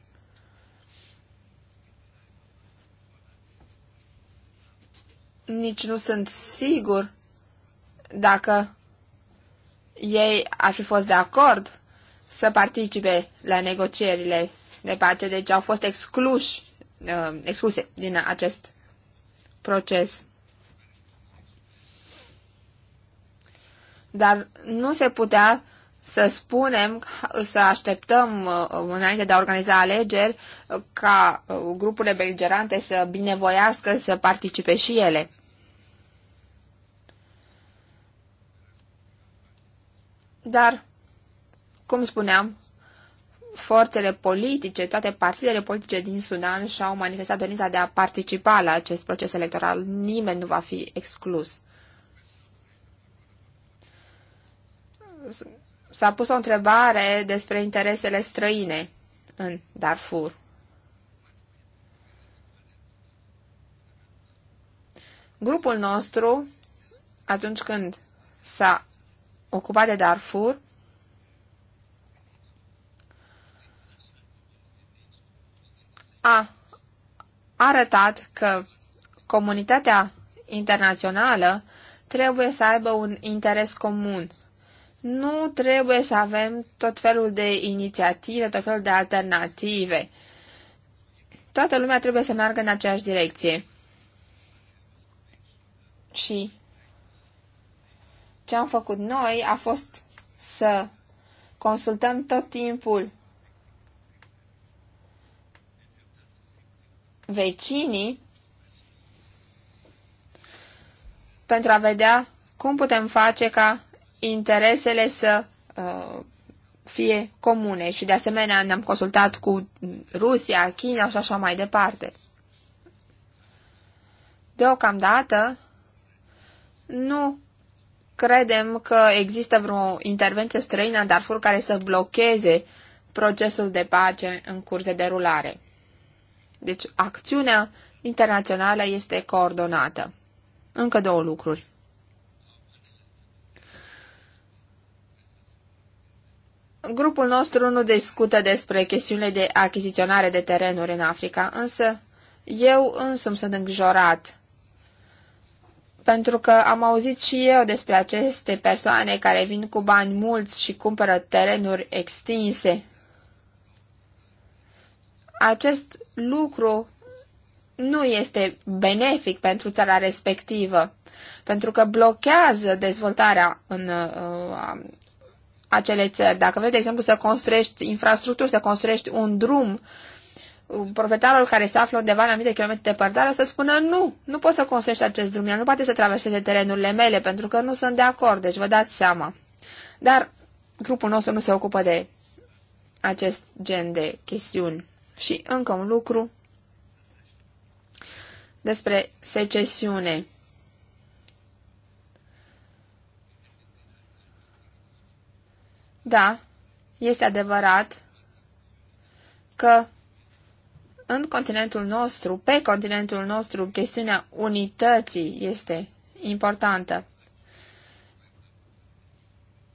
D: Nici nu sunt sigur dacă ei ar fi fost de acord să participe la negocierile de pace, deci au fost excluși, uh, excluse din acest proces. dar nu se putea să spunem, să așteptăm uh, înainte de a organiza alegeri uh, ca uh, grupurile beligerante să binevoiască să participe și ele. Dar, cum spuneam, forțele politice, toate partidele politice din Sudan și-au manifestat dorința de a participa la acest proces electoral. Nimeni nu va fi exclus. s-a pus o întrebare despre interesele străine în Darfur. Grupul nostru, atunci când s-a ocupat de Darfur, a arătat că comunitatea internațională trebuie să aibă un interes comun nu trebuie să avem tot felul de inițiative, tot felul de alternative. Toată lumea trebuie să meargă în aceeași direcție. Și ce am făcut noi a fost să consultăm tot timpul vecinii pentru a vedea cum putem face ca interesele să uh, fie comune și de asemenea ne-am consultat cu Rusia, China și așa mai departe. Deocamdată nu credem că există vreo intervenție străină în Darfur care să blocheze procesul de pace în curs de derulare. Deci acțiunea internațională este coordonată. Încă două lucruri. Grupul nostru nu discută despre chestiunile de achiziționare de terenuri în Africa, însă eu însumi sunt îngrijorat pentru că am auzit și eu despre aceste persoane care vin cu bani mulți și cumpără terenuri extinse. Acest lucru nu este benefic pentru țara respectivă, pentru că blochează dezvoltarea în uh, acele țări. Dacă vrei, de exemplu, să construiești infrastructuri, să construiești un drum, proprietarul care se află undeva la mii de kilometri departare o să spună nu, nu poți să construiești acest drum, el nu poate să traverseze terenurile mele pentru că nu sunt de acord, deci vă dați seama. Dar grupul nostru nu se ocupă de acest gen de chestiuni. Și încă un lucru despre secesiune. Da, este adevărat că în continentul nostru, pe continentul nostru, chestiunea unității este importantă.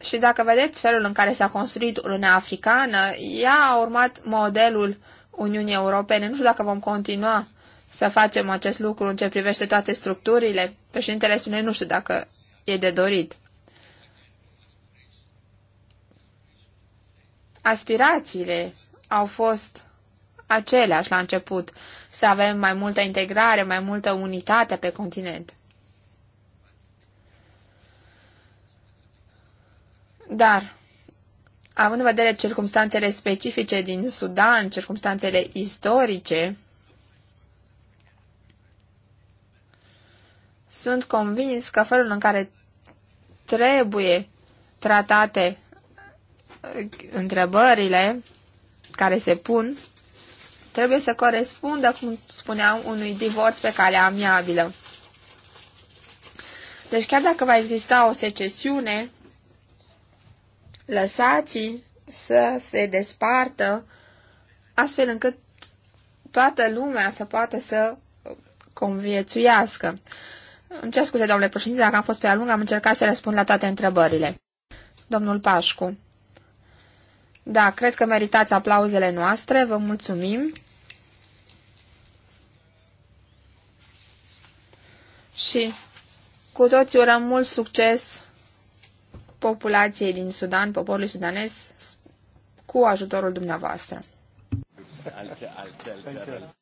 D: Și dacă vedeți felul în care s-a construit Uniunea Africană, ea a urmat modelul Uniunii Europene. Nu știu dacă vom continua să facem acest lucru în ce privește toate structurile. Președintele spune, nu știu dacă e de dorit. aspirațiile au fost aceleași la început, să avem mai multă integrare, mai multă unitate pe continent. Dar, având în vedere circumstanțele specifice din Sudan, circumstanțele istorice, sunt convins că felul în care trebuie tratate întrebările care se pun trebuie să corespundă, cum spuneam, unui divorț pe cale amiabilă. Deci chiar dacă va exista o secesiune, lăsați să se despartă astfel încât toată lumea să poată să conviețuiască. Îmi cer scuze, domnule președinte, dacă am fost prea lung, am încercat să răspund la toate întrebările. Domnul Pașcu. Da, cred că meritați aplauzele noastre, vă mulțumim. Și cu toții urăm mult succes populației din Sudan, poporului sudanez, cu ajutorul dumneavoastră.
A: Alte, alte, alte, alte.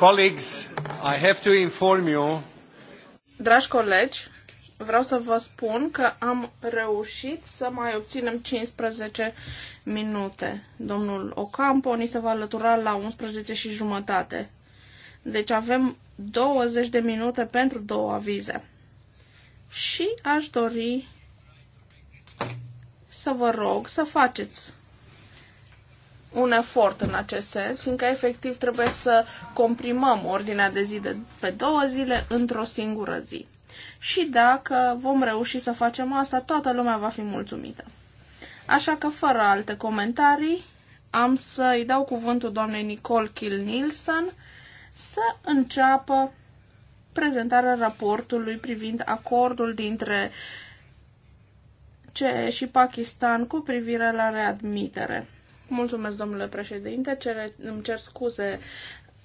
A: Colleagues, I have to inform you.
B: Dragi colegi, vreau să vă spun că am reușit să mai obținem 15 minute. Domnul Ocampo ni se va alătura la 11 și jumătate. Deci avem 20 de minute pentru două avize. Și aș dori să vă rog să faceți un efort în acest sens, fiindcă efectiv trebuie să comprimăm ordinea de zi de pe două zile într-o singură zi. Și dacă vom reuși să facem asta, toată lumea va fi mulțumită. Așa că, fără alte comentarii, am să-i dau cuvântul doamnei Nicole Kill Nielsen să înceapă prezentarea raportului privind acordul dintre CE și Pakistan cu privire la readmitere. Mulțumesc, domnule președinte. Cere, îmi cer scuze,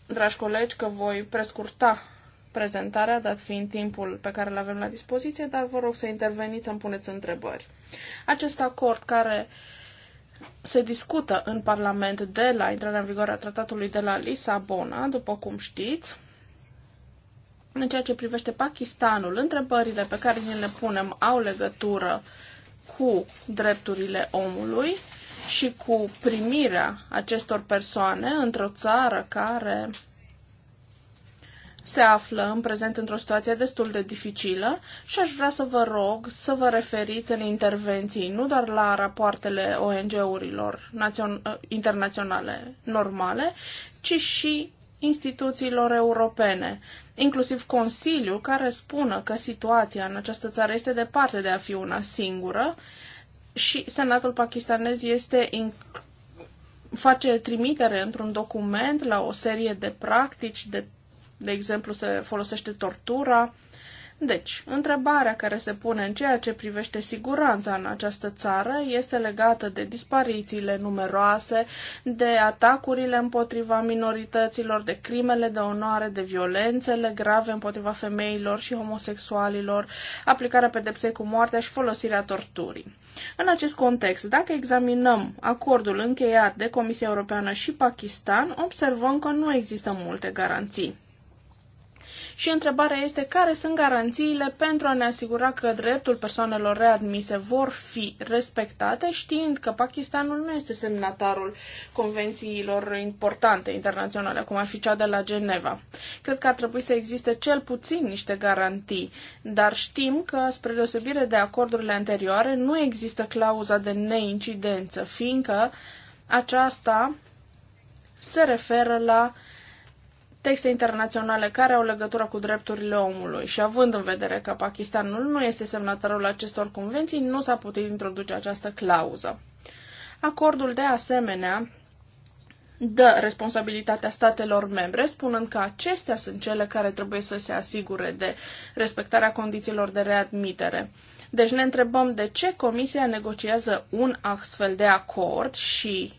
B: dragi colegi, că voi prescurta prezentarea, dat fiind timpul pe care îl avem la dispoziție, dar vă rog să interveniți, să-mi puneți întrebări. Acest acord care se discută în Parlament de la intrarea în vigoare a tratatului de la Lisabona, după cum știți, în ceea ce privește Pakistanul, întrebările pe care ne le punem au legătură cu drepturile omului și cu primirea acestor persoane într-o țară care se află în prezent într-o situație destul de dificilă și aș vrea să vă rog să vă referiți în intervenții nu doar la rapoartele ONG-urilor ă, internaționale normale, ci și instituțiilor europene, inclusiv Consiliul, care spună că situația în această țară este departe de a fi una singură și Senatul pakistanez este face trimitere într-un document la o serie de practici, de, de exemplu se folosește tortura, deci, întrebarea care se pune în ceea ce privește siguranța în această țară este legată de disparițiile numeroase, de atacurile împotriva minorităților, de crimele de onoare, de violențele grave împotriva femeilor și homosexualilor, aplicarea pedepsei cu moartea și folosirea torturii. În acest context, dacă examinăm acordul încheiat de Comisia Europeană și Pakistan, observăm că nu există multe garanții. Și întrebarea este care sunt garanțiile pentru a ne asigura că dreptul persoanelor readmise vor fi respectate, știind că Pakistanul nu este semnatarul convențiilor importante internaționale, cum ar fi cea de la Geneva. Cred că ar trebui să existe cel puțin niște garantii, dar știm că, spre deosebire de acordurile anterioare, nu există clauza de neincidență, fiindcă aceasta se referă la texte internaționale care au legătură cu drepturile omului și având în vedere că Pakistanul nu este semnatarul acestor convenții, nu s-a putut introduce această clauză. Acordul de asemenea dă responsabilitatea statelor membre, spunând că acestea sunt cele care trebuie să se asigure de respectarea condițiilor de readmitere. Deci ne întrebăm de ce Comisia negociază un astfel de acord și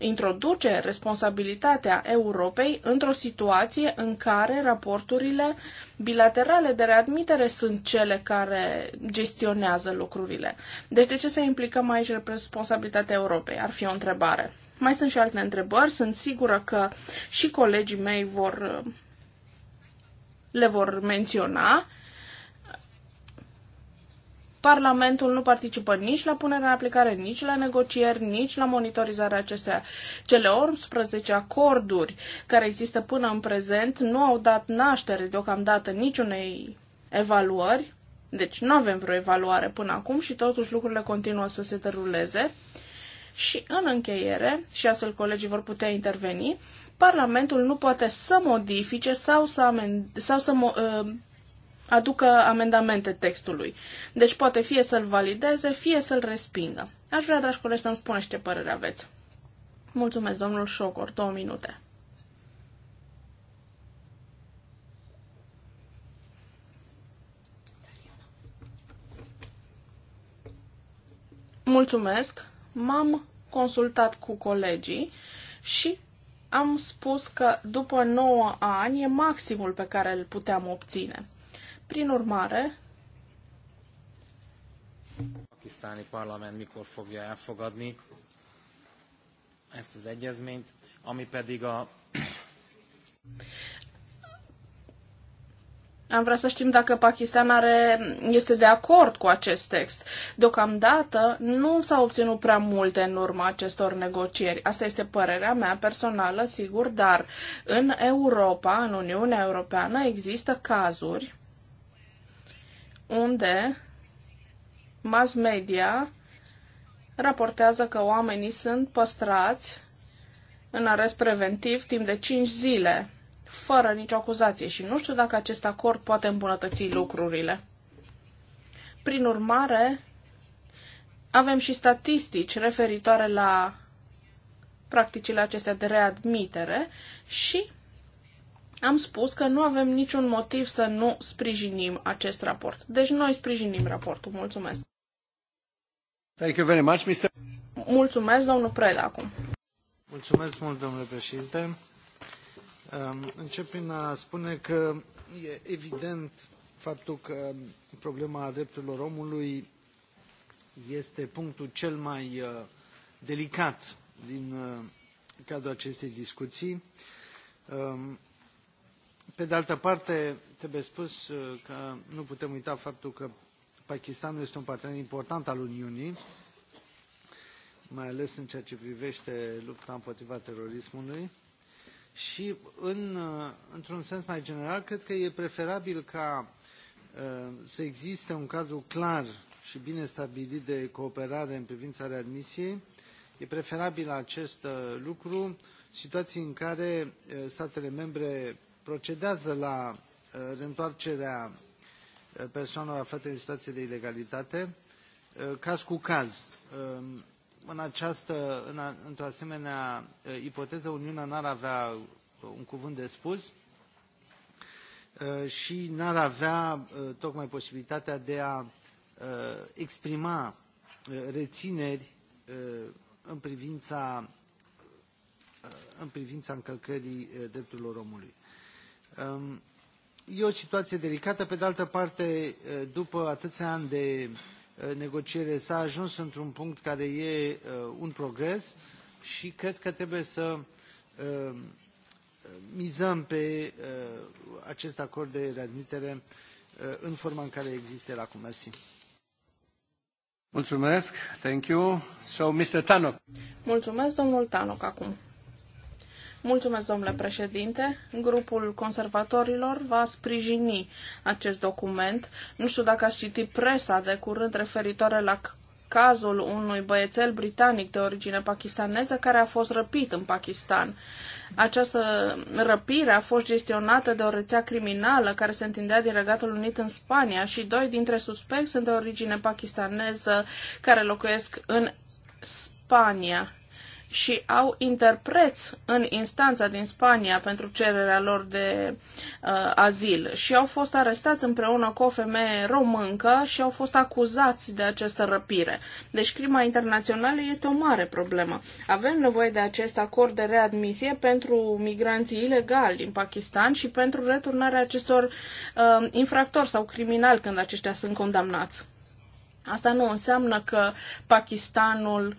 B: introduce responsabilitatea Europei într-o situație în care raporturile bilaterale de readmitere sunt cele care gestionează lucrurile. Deci de ce să implicăm aici responsabilitatea Europei? Ar fi o întrebare. Mai sunt și alte întrebări, sunt sigură că și colegii mei vor le vor menționa Parlamentul nu participă nici la punerea în aplicare, nici la negocieri, nici la monitorizarea acestea. Cele 18 acorduri care există până în prezent nu au dat naștere deocamdată niciunei evaluări, deci nu avem vreo evaluare până acum și totuși lucrurile continuă să se deruleze. Și în încheiere, și astfel colegii vor putea interveni, Parlamentul nu poate să modifice sau să, amend- sau să mo- ă, aducă amendamente textului. Deci poate fie să-l valideze, fie să-l respingă. Aș vrea, dragi colegi, să-mi spuneți ce părere aveți. Mulțumesc, domnul Șocor. Două minute. Mulțumesc. M-am consultat cu colegii și am spus că după 9 ani e maximul pe care îl puteam obține. Prin urmare,
A: pakisztáni parlament mikor fogja elfogadni ezt az egyezményt, ami pedig a...
B: Am vrea să știm dacă Pakistan are, este de acord cu acest text. Deocamdată nu s-a obținut prea multe în urma acestor negocieri. Asta este părerea mea personală, sigur, dar în Europa, în Uniunea Europeană, există cazuri unde mass media raportează că oamenii sunt păstrați în arest preventiv timp de 5 zile, fără nicio acuzație și nu știu dacă acest acord poate îmbunătăți lucrurile. Prin urmare, avem și statistici referitoare la practicile acestea de readmitere și am spus că nu avem niciun motiv să nu sprijinim acest raport. Deci noi sprijinim raportul. Mulțumesc.
A: Thank you very much, Mr.
B: Mulțumesc, domnul Preda, acum.
A: Mulțumesc mult, domnule președinte. Încep prin a spune că e evident faptul că problema drepturilor omului este punctul cel mai uh, delicat din uh, cadrul acestei discuții um, pe de altă parte, trebuie spus uh, că nu putem uita faptul că Pakistanul este un partener important al Uniunii, mai ales în ceea ce privește lupta împotriva terorismului. Și, în, uh, într-un sens mai general, cred că e preferabil ca uh, să existe un cadru clar și bine stabilit de cooperare în privința readmisiei. E preferabil acest lucru situații în care statele membre procedează la uh, reîntoarcerea uh, persoanelor aflate în situație de ilegalitate, uh, caz cu caz. Um, în această, în a, într-o asemenea ipoteză, Uniunea n-ar avea un cuvânt de spus și n-ar avea tocmai posibilitatea de a exprima rețineri în privința, în privința încălcării drepturilor omului. Um, e o situație delicată. Pe de altă parte, uh, după atâția ani de uh, negociere, s-a ajuns într-un punct care e uh, un progres și cred că trebuie să um, mizăm pe acest acord de readmitere în forma în care există el acum. Mersi. Mulțumesc. Thank you. So, Mr. Tanok.
B: Mulțumesc, domnul Tanok, acum. Mulțumesc, domnule președinte. Grupul conservatorilor va sprijini acest document. Nu știu dacă ați citit presa de curând referitoare la cazul unui băiețel britanic de origine pakistaneză care a fost răpit în Pakistan. Această răpire a fost gestionată de o rețea criminală care se întindea din Regatul Unit în Spania și doi dintre suspecți sunt de origine pakistaneză care locuiesc în Spania și au interpreți în instanța din Spania pentru cererea lor de uh, azil și au fost arestați împreună cu o femeie româncă și au fost acuzați de această răpire. Deci crima internațională este o mare problemă. Avem nevoie de acest acord de readmisie pentru migranții ilegali din Pakistan și pentru returnarea acestor uh, infractori sau criminali când aceștia sunt condamnați. Asta nu înseamnă că Pakistanul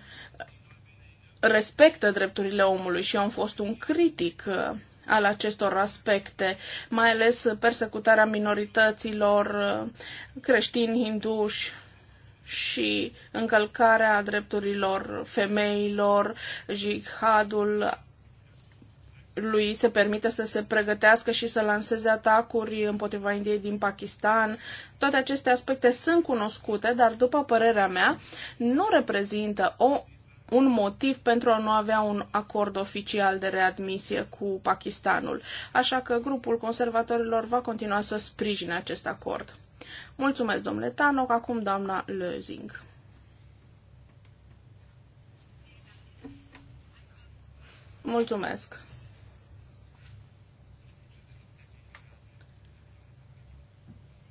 B: respectă drepturile omului și eu am fost un critic uh, al acestor aspecte, mai ales persecutarea minorităților uh, creștini, hinduși și încălcarea drepturilor femeilor, jihadul lui se permite să se pregătească și să lanseze atacuri împotriva Indiei din Pakistan. Toate aceste aspecte sunt cunoscute, dar după părerea mea nu reprezintă o un motiv pentru a nu avea un acord oficial de readmisie cu Pakistanul, așa că grupul conservatorilor va continua să sprijine acest acord. Mulțumesc, domnule Tanoc, acum doamna Lözing. Mulțumesc.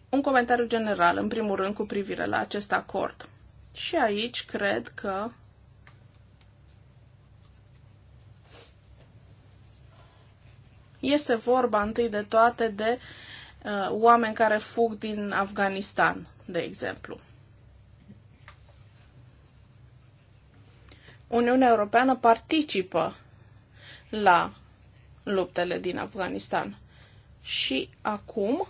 B: Un comentariu general, în primul rând, cu privire la acest acord. Și aici cred că Este vorba întâi de toate de uh, oameni care fug din Afganistan, de exemplu. Uniunea Europeană participă la luptele din Afganistan. Și acum,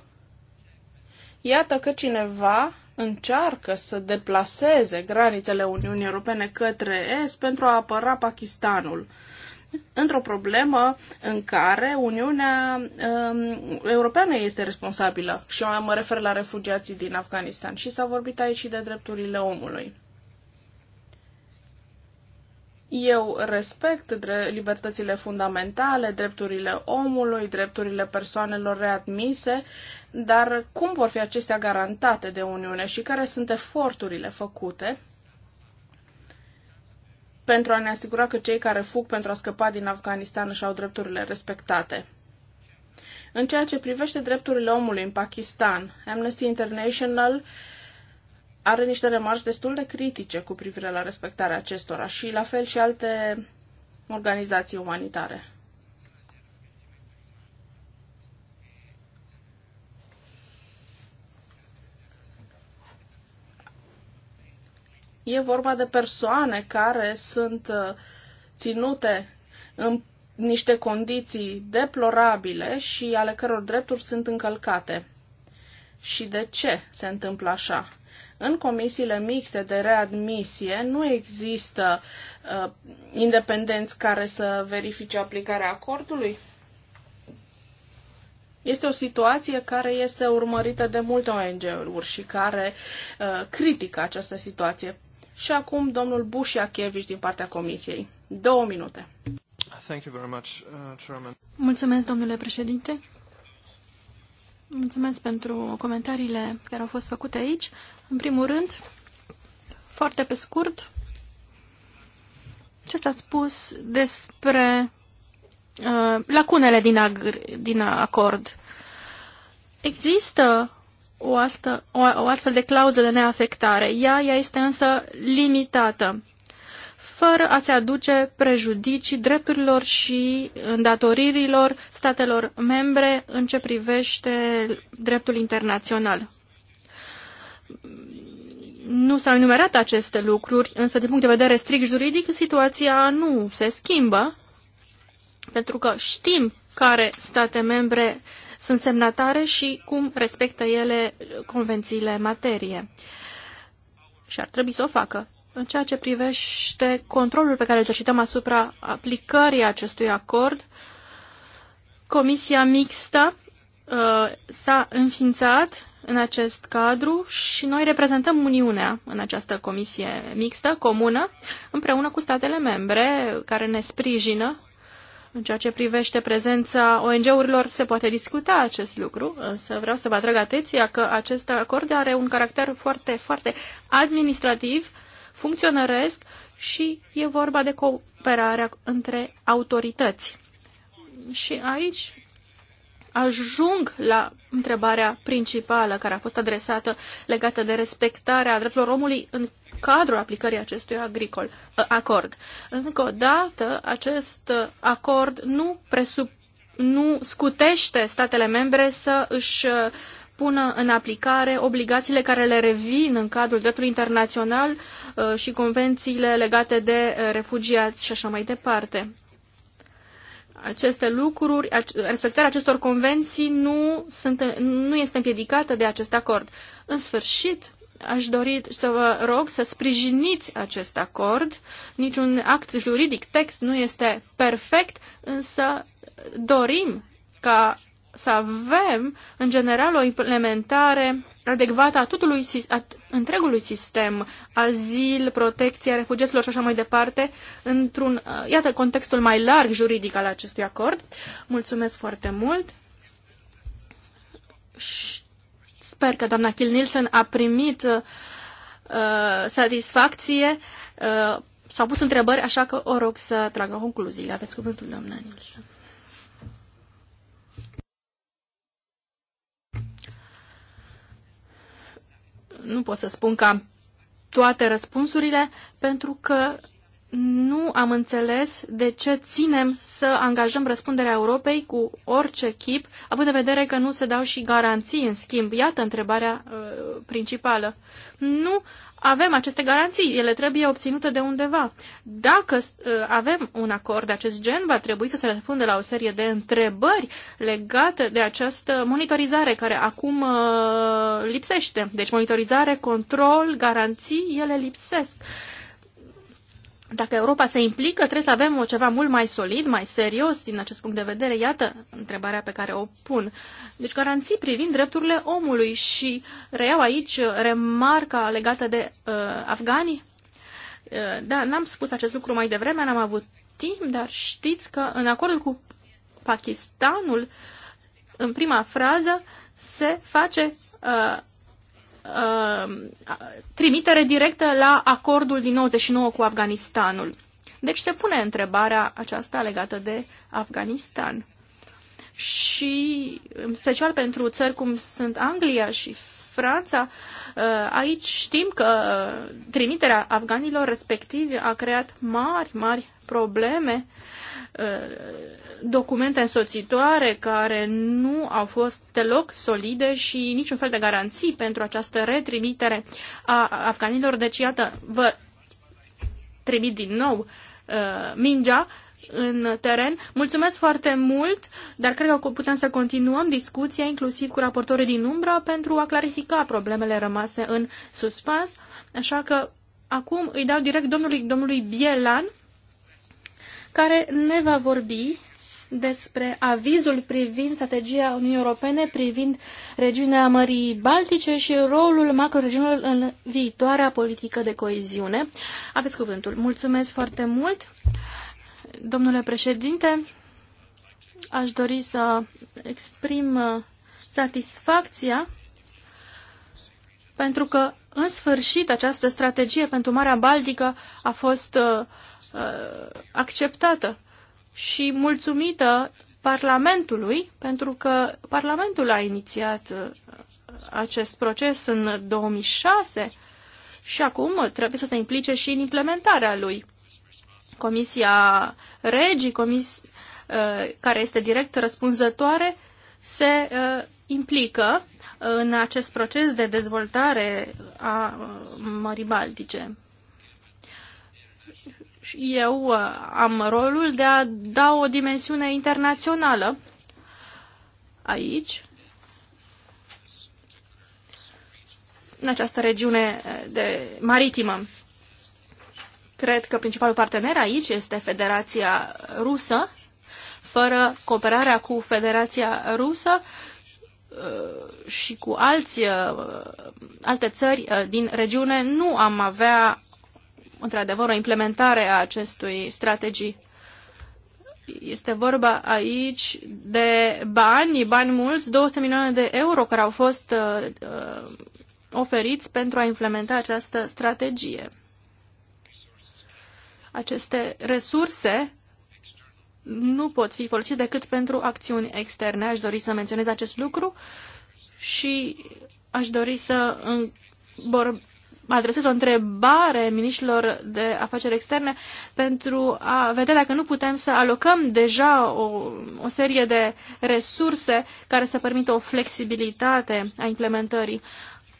B: iată că cineva încearcă să deplaseze granițele Uniunii Europene către Est pentru a apăra Pakistanul într-o problemă în care Uniunea um, Europeană este responsabilă. Și eu mă refer la refugiații din Afganistan. Și s-a vorbit aici și de drepturile omului. Eu respect libertățile fundamentale, drepturile omului, drepturile persoanelor readmise, dar cum vor fi acestea garantate de Uniune și care sunt eforturile făcute pentru a ne asigura că cei care fug pentru a scăpa din Afganistan își au drepturile respectate. În ceea ce privește drepturile omului în Pakistan, Amnesty International are niște remarci destul de critice cu privire la respectarea acestora și la fel și alte organizații umanitare. E vorba de persoane care sunt uh, ținute în niște condiții deplorabile și ale căror drepturi sunt încălcate. Și de ce se întâmplă așa? În comisiile mixte de readmisie nu există uh, independenți care să verifice aplicarea acordului? Este o situație care este urmărită de multe ONG-uri și care uh, critică această situație. Și acum domnul Bușiachevici din partea Comisiei. Două minute.
C: Thank you very much,
A: uh, Chairman.
B: Mulțumesc, domnule președinte. Mulțumesc pentru
C: comentariile care au fost făcute aici. În primul rând, foarte pe scurt, ce s-a spus despre uh, lacunele din, din acord. Există o, astă, o, o astfel de clauză de neafectare. Ea, ea este însă limitată, fără a se aduce prejudicii drepturilor și îndatoririlor statelor membre în ce privește dreptul internațional. Nu s-au enumerat aceste lucruri, însă din punct de vedere strict juridic situația nu se schimbă, pentru că știm care state membre uh, sunt semnatare și cum respectă ele convențiile materie. Și ar trebui să o facă. În ceea ce privește controlul pe care îl exercităm asupra aplicării acestui acord, Comisia Mixtă uh, s-a înființat în acest cadru și noi reprezentăm Uniunea în această comisie mixtă, comună, împreună cu statele membre care ne sprijină în ceea ce privește prezența ONG-urilor, se poate discuta acest lucru, însă vreau să vă atrag atenția că acest acord are un caracter foarte, foarte administrativ, funcționăresc și e vorba de cooperarea între autorități. Și aici ajung la întrebarea principală care a fost adresată legată de respectarea drepturilor omului în cadrul aplicării acestui agricol, uh, acord. Încă o dată, acest uh, acord nu, presup, nu scutește statele membre să își uh, pună în aplicare obligațiile care le revin în cadrul dreptului internațional și convențiile legate de refugiați și așa mai departe aceste lucruri, respectarea acestor convenții nu, sunt, nu este împiedicată de acest acord. În sfârșit, aș dori să vă rog să sprijiniți acest acord. Niciun act juridic, text nu este perfect, însă dorim ca să avem, în general, o implementare adecvată a, tutului, a întregului sistem, azil, protecția refugiaților și așa mai departe, într-un, uh, iată, contextul mai larg juridic al acestui acord. Mulțumesc foarte mult! Și Sper că doamna Kill Nielsen a primit uh, uh, satisfacție. Uh, S-au pus întrebări, așa că o rog să tragă concluziile. Aveți cuvântul, doamna Nielsen. Nu pot să spun că am toate răspunsurile, pentru că nu am înțeles de ce ținem să angajăm răspunderea Europei cu orice chip, având în vedere că nu se dau și garanții în schimb. Iată întrebarea uh, principală. Nu avem aceste garanții, ele trebuie obținute de undeva. Dacă uh, avem un acord de acest gen, va trebui să se răspundă la o serie de întrebări legate de această monitorizare care acum uh, lipsește. Deci monitorizare, control, garanții, ele lipsesc. Uh, dacă Europa se implică, trebuie să avem o ceva mult mai solid, mai serios din acest punct de vedere. Iată întrebarea pe care o pun. Deci garanții privind drepturile omului și reiau aici remarca legată de uh, afganii. Uh, da, n-am spus acest lucru mai devreme, n-am avut timp, dar știți că în acordul cu Pakistanul, în prima frază, se face uh, Uh, trimitere directă la acordul din 99 cu Afganistanul. Deci se pune întrebarea aceasta legată de Afganistan. Și, în special pentru țări cum sunt Anglia și Franța, uh, aici știm că trimiterea afganilor respectivi a creat mari, mari probleme Uh, documente însoțitoare care nu au fost deloc solide și niciun fel de garanții pentru această retrimitere a afganilor. Deci, iată, vă trimit din nou uh, mingea în teren. Mulțumesc foarte mult, dar cred că putem să continuăm discuția inclusiv cu raportorii din umbră pentru a clarifica problemele rămase în suspans. Așa că acum îi dau direct domnului, domnului Bielan care ne va vorbi despre avizul privind strategia Uniunii Europene privind regiunea Mării Baltice și rolul macroregiunilor în viitoarea politică de coeziune. Aveți cuvântul. Mulțumesc foarte mult, domnule președinte. Aș dori să exprim uh, satisfacția pentru că, în sfârșit, această strategie pentru Marea Baltică a fost uh, Uh, acceptată și mulțumită Parlamentului, pentru că Parlamentul a inițiat uh, acest proces în 2006 și acum trebuie să se implice și în implementarea lui. Comisia Regii, comis, uh, care este direct răspunzătoare, se implică în acest proces de dezvoltare a Mării Baltice. Deci, eu uh, am rolul de a da o dimensiune internațională aici, în această regiune uh, de maritimă. Cred că principalul partener aici este Federația Rusă. Fără cooperarea cu Federația Rusă uh, și cu alți, alte țări din regiune, nu am avea într-adevăr, o implementare a acestui strategii. Este vorba aici de bani, bani mulți, 200 milioane de euro care au fost uh, uh, oferiți pentru a implementa această strategie. Aceste resurse nu pot fi folosite decât pentru acțiuni externe. Aș dori să menționez acest lucru și aș dori să adresez o întrebare ministrilor de afaceri externe pentru a vedea dacă nu putem să alocăm deja o, o serie de resurse care să permită o flexibilitate a implementării.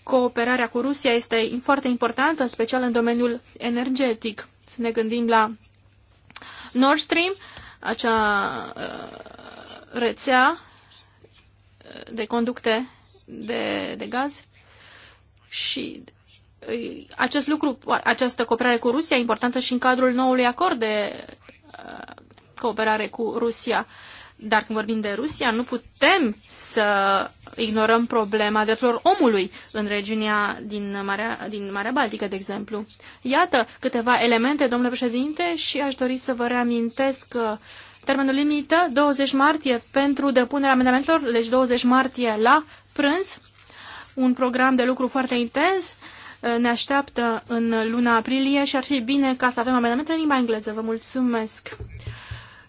C: Cooperarea cu Rusia este foarte importantă, în special în domeniul energetic. Să ne gândim la Nord Stream, acea uh, rețea uh, de conducte de, de gaz și acest lucru, această cooperare cu Rusia e importantă și în cadrul noului acord de uh, cooperare cu Rusia. Dar când vorbim de Rusia, nu putem să ignorăm problema drepturilor omului în regiunea din Marea, din Marea Baltică, de exemplu. Iată câteva elemente, domnule președinte, și aș dori să vă reamintesc că uh, termenul limită 20 martie pentru depunerea amendamentelor, deci 20 martie la prânz, un program de lucru foarte intens Eh, ne așteaptă în luna aprilie și ar fi bine ca să avem amendamente în limba engleză. Vă mulțumesc!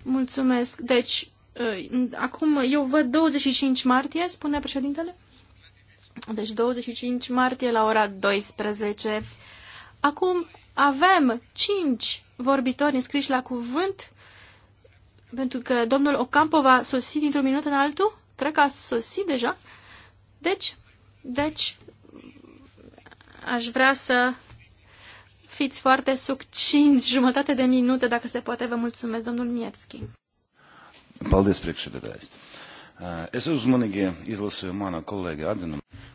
C: Mulțumesc! Deci, eh, acum eu văd 25 martie, spune președintele. Deci 25 martie la ora 12. Acum avem 5 vorbitori înscriși la cuvânt, pentru că domnul Ocampo va sosi dintr-un minut în altul. Cred că a sosit deja. Deci, deci, aș vrea să fiți foarte succinți, jumătate de minute, dacă se poate. Vă mulțumesc, domnul Mierski.
A: Eh,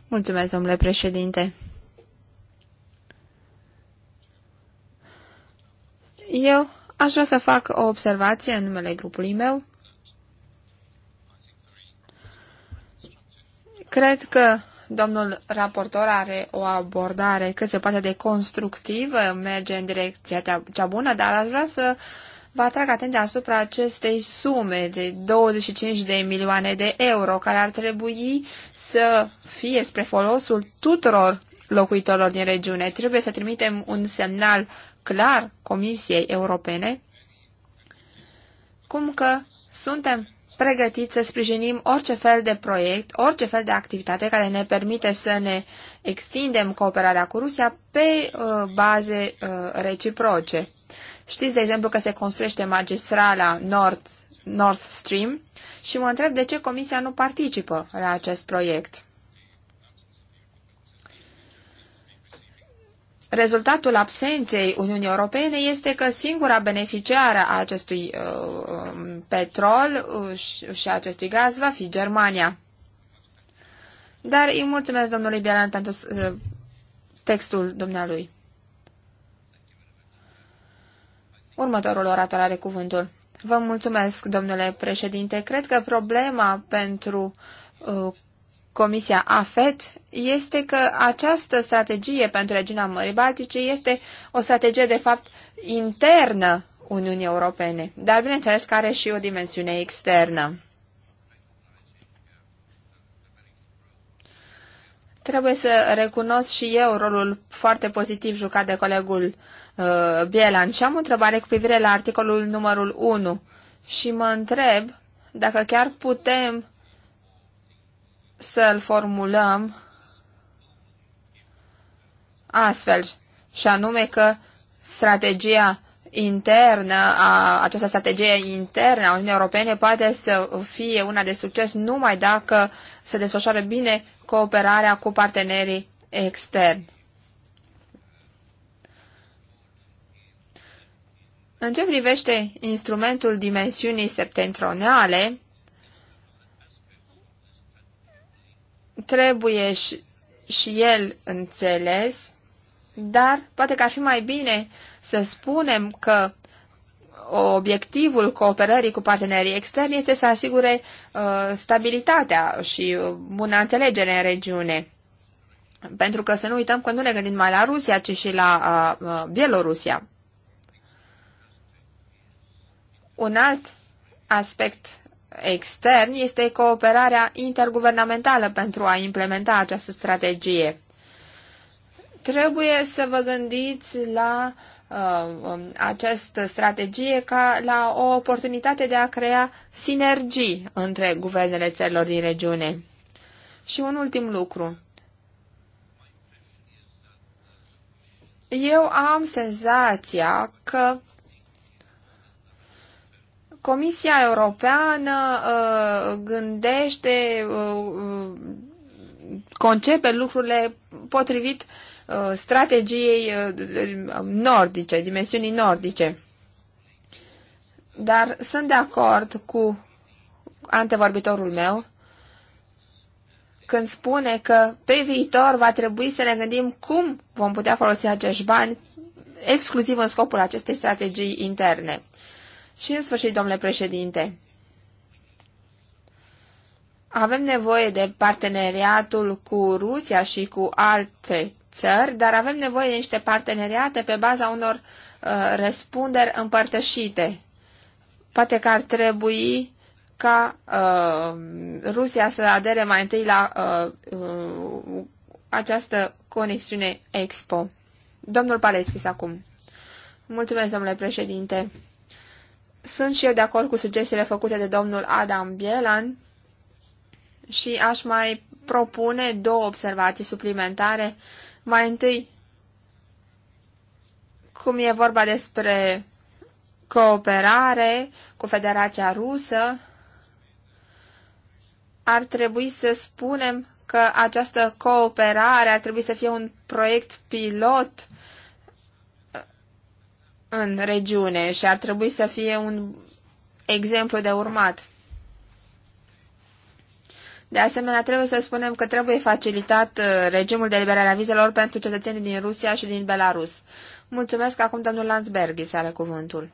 D: mulțumesc, domnule președinte. Eu aș vrea să fac o observație în numele grupului meu. Cred că Domnul raportor are o abordare cât se poate de constructivă, merge în direcția cea bună, dar aș vrea să vă atrag atenția asupra acestei sume de 25 de milioane de euro, care ar trebui să fie spre folosul tuturor locuitorilor din regiune. Trebuie să trimitem un semnal clar Comisiei Europene cum că suntem pregătiți să sprijinim orice fel de proiect, orice fel de activitate care ne permite să ne extindem cooperarea cu Rusia pe uh, baze uh, reciproce. Știți, de exemplu, că se construiește magistrala North North Stream și mă întreb de ce Comisia nu participă la acest proiect. Rezultatul absenței Uniunii Europene este că singura beneficiară a acestui uh, um, petrol uh, și a acestui gaz va fi Germania. Dar îi mulțumesc domnului Bialan pentru uh, textul dumnealui. Următorul orator are cuvântul. Vă mulțumesc, domnule președinte. Cred că problema pentru uh, Comisia AFET este că această strategie pentru regiunea Mării Baltice este o strategie, de fapt, internă Uniunii Europene, dar, bineînțeles, că are și o dimensiune externă. Trebuie să recunosc și eu rolul foarte pozitiv jucat de colegul uh, Bielan și am o întrebare cu privire la articolul numărul 1 și mă întreb dacă chiar putem să-l formulăm astfel, și anume că strategia internă, a, această strategie internă a Uniunii Europene poate să fie una de succes numai dacă se desfășoară bine cooperarea cu partenerii externi. În ce privește instrumentul dimensiunii septentrionale, trebuie și, și el înțeles, dar poate că ar fi mai bine să spunem că obiectivul cooperării cu partenerii externi este să asigure uh, stabilitatea și uh, bună înțelegere în regiune. Pentru că să nu uităm că nu ne gândim mai la Rusia, ci și la uh, uh Bielorusia. Un alt aspect extern este cooperarea interguvernamentală pentru a implementa această strategie. Trebuie să vă gândiți la uh, um, această strategie ca la o oportunitate de a crea sinergii între guvernele țărilor din regiune. Și un ultim lucru. Eu am senzația că Comisia Europeană uh, gândește, uh, concepe lucrurile potrivit uh, strategiei uh, nordice, dimensiunii nordice. Dar sunt de acord cu antevorbitorul meu când spune că pe viitor va trebui să ne gândim cum vom putea folosi acești bani exclusiv în scopul acestei strategii interne. Și în sfârșit, domnule președinte, avem nevoie de parteneriatul cu Rusia și cu alte țări, dar avem nevoie de niște parteneriate pe baza unor uh, răspunderi împărtășite. Poate că ar trebui ca uh, Rusia să adere mai întâi la uh, uh, această conexiune Expo. Domnul Paleschis acum. Mulțumesc, domnule președinte. Sunt și eu de acord cu sugestiile făcute de domnul Adam Bielan și aș mai propune două observații suplimentare. Mai întâi, cum e vorba despre cooperare cu Federația Rusă, ar trebui să spunem că această cooperare ar trebui să fie un proiect pilot în regiune și ar trebui să fie un exemplu de urmat. De asemenea, trebuie să spunem că trebuie facilitat uh, regimul de liberare a vizelor pentru cetățenii din Rusia și din Belarus. Mulțumesc acum domnul să are cuvântul.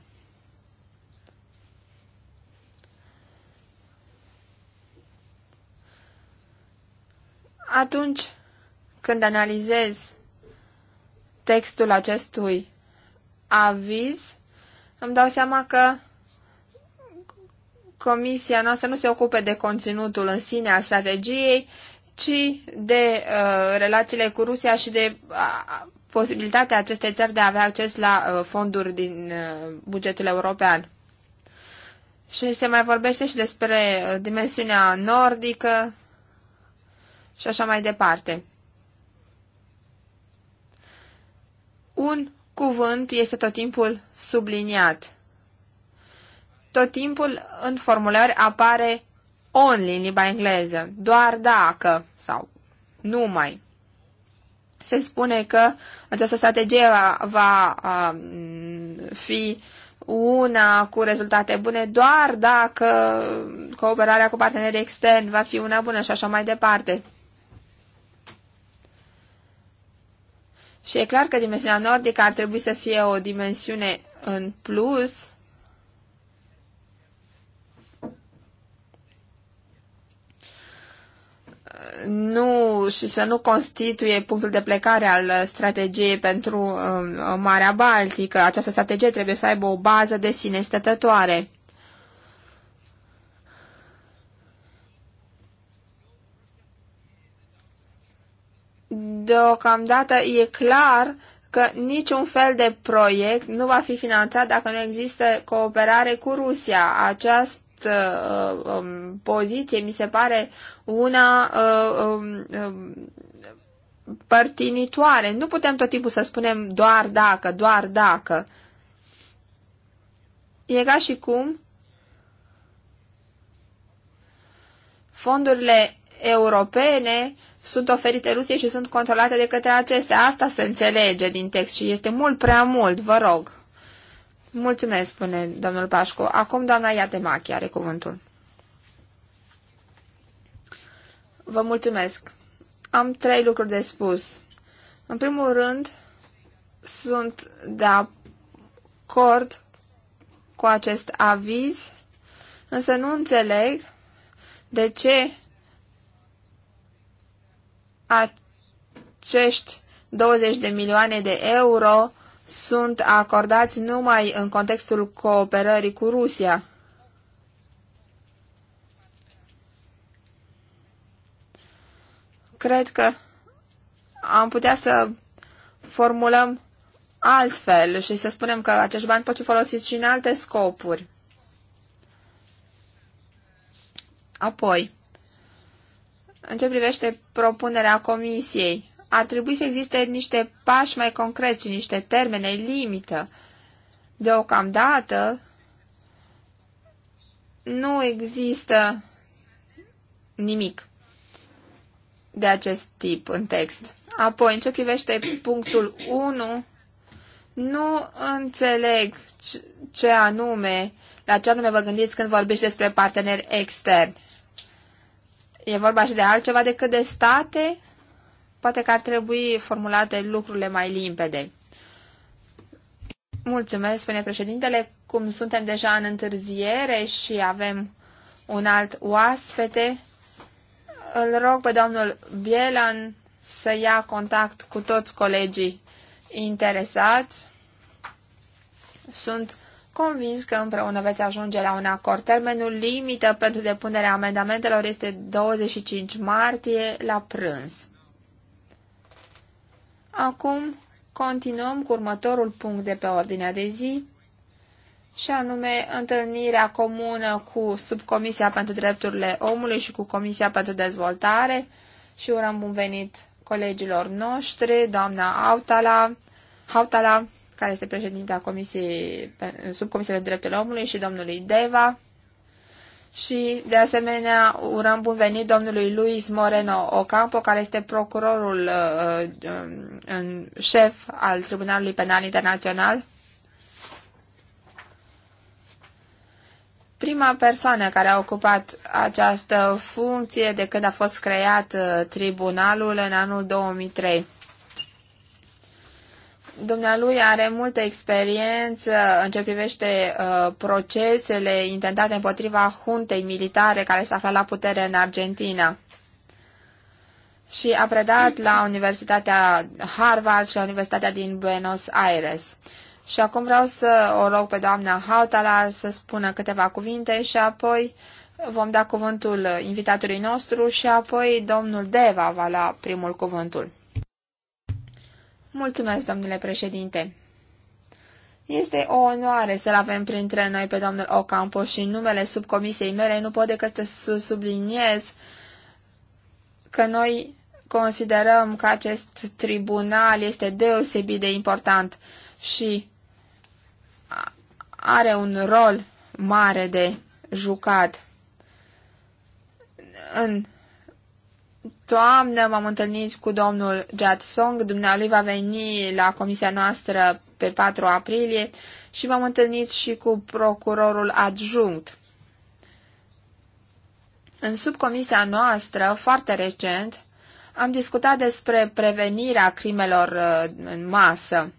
D: Atunci când analizez textul acestui aviz, îmi dau seama că comisia noastră nu se ocupe de conținutul în sine al strategiei, ci de uh, relațiile cu Rusia și de uh, posibilitatea acestei țări de a avea acces la uh, fonduri din uh, bugetul european. Și se mai vorbește și despre uh, dimensiunea nordică și așa mai departe. Un cuvânt este tot timpul subliniat. Tot timpul în formulări apare only în limba engleză, doar dacă sau numai. Se spune că această strategie va, va a, um, fi una cu rezultate bune doar dacă cooperarea cu partenerii externi va fi una bună și așa mai departe. Și e clar că dimensiunea nordică ar trebui să fie o dimensiune în plus. Nu, și să nu constituie punctul de plecare al strategiei pentru um, Marea Baltică. Această strategie trebuie să aibă o bază de sine stătătoare. Deocamdată e clar că niciun fel de proiect nu va fi finanțat dacă nu există cooperare cu Rusia. Această uh, um, poziție mi se pare una uh, um, um, părtinitoare. Nu putem tot timpul să spunem doar dacă, doar dacă. E ca și cum fondurile europene sunt oferite Rusiei și sunt controlate de către acestea. Asta se înțelege din text și este mult prea mult, vă rog. Mulțumesc, spune domnul Pașcu. Acum doamna Iatemachi are cuvântul. Vă mulțumesc. Am trei lucruri de spus. În primul rând, sunt de acord cu acest aviz, însă nu înțeleg de ce acești 20 de milioane de euro sunt acordați numai în contextul cooperării cu Rusia. Cred că am putea să formulăm altfel și să spunem că acești bani pot fi folosiți și în alte scopuri. Apoi, în ce privește propunerea comisiei, ar trebui să existe niște pași mai concreți, niște termene limită. Deocamdată nu există nimic de acest tip în text. Apoi, în ce privește punctul 1, nu înțeleg ce anume, la ce anume vă gândiți când vorbiți despre parteneri externi e vorba și de altceva decât de state, poate că ar trebui formulate lucrurile mai limpede. Mulțumesc, spune președintele, cum suntem deja în întârziere și avem un alt oaspete, îl rog pe domnul Bielan să ia contact cu toți colegii interesați. Sunt convins că împreună veți ajunge la un acord. Termenul limită pentru depunerea amendamentelor este 25 martie la prânz. Acum continuăm cu următorul punct de pe ordinea de zi, și anume întâlnirea comună cu Subcomisia pentru Drepturile Omului și cu Comisia pentru Dezvoltare și urăm bun venit colegilor noștri, doamna Autala, Hautala, care este președinta Comisiei, subcomisiei pentru drepturile omului și domnului Deva. Și, de asemenea, urăm bun venit domnului Luis Moreno Ocampo, care este procurorul uh, uh, în șef al Tribunalului Penal Internațional. Prima persoană care a ocupat această funcție de când a fost creat uh, tribunalul în anul 2003. Dumnealui are multă experiență în ce privește uh, procesele intentate împotriva huntei militare care s s-a aflat la putere în Argentina. Și a predat la Universitatea Harvard și la Universitatea din Buenos Aires. Și acum vreau să o rog pe doamna Hautala să spună câteva cuvinte și apoi vom da cuvântul invitatului nostru și apoi domnul Deva va lua primul cuvântul. Mulțumesc, domnule președinte. Este o onoare să-l avem printre noi pe domnul Ocampo și în numele subcomisiei mele nu pot decât să subliniez că noi considerăm că acest tribunal este deosebit de important și are un rol mare de jucat în toamnă m-am întâlnit cu domnul Jad Song, dumnealui va veni la comisia noastră pe 4 aprilie și m-am întâlnit și cu procurorul adjunct. În subcomisia noastră, foarte recent, am discutat despre prevenirea crimelor uh, în masă.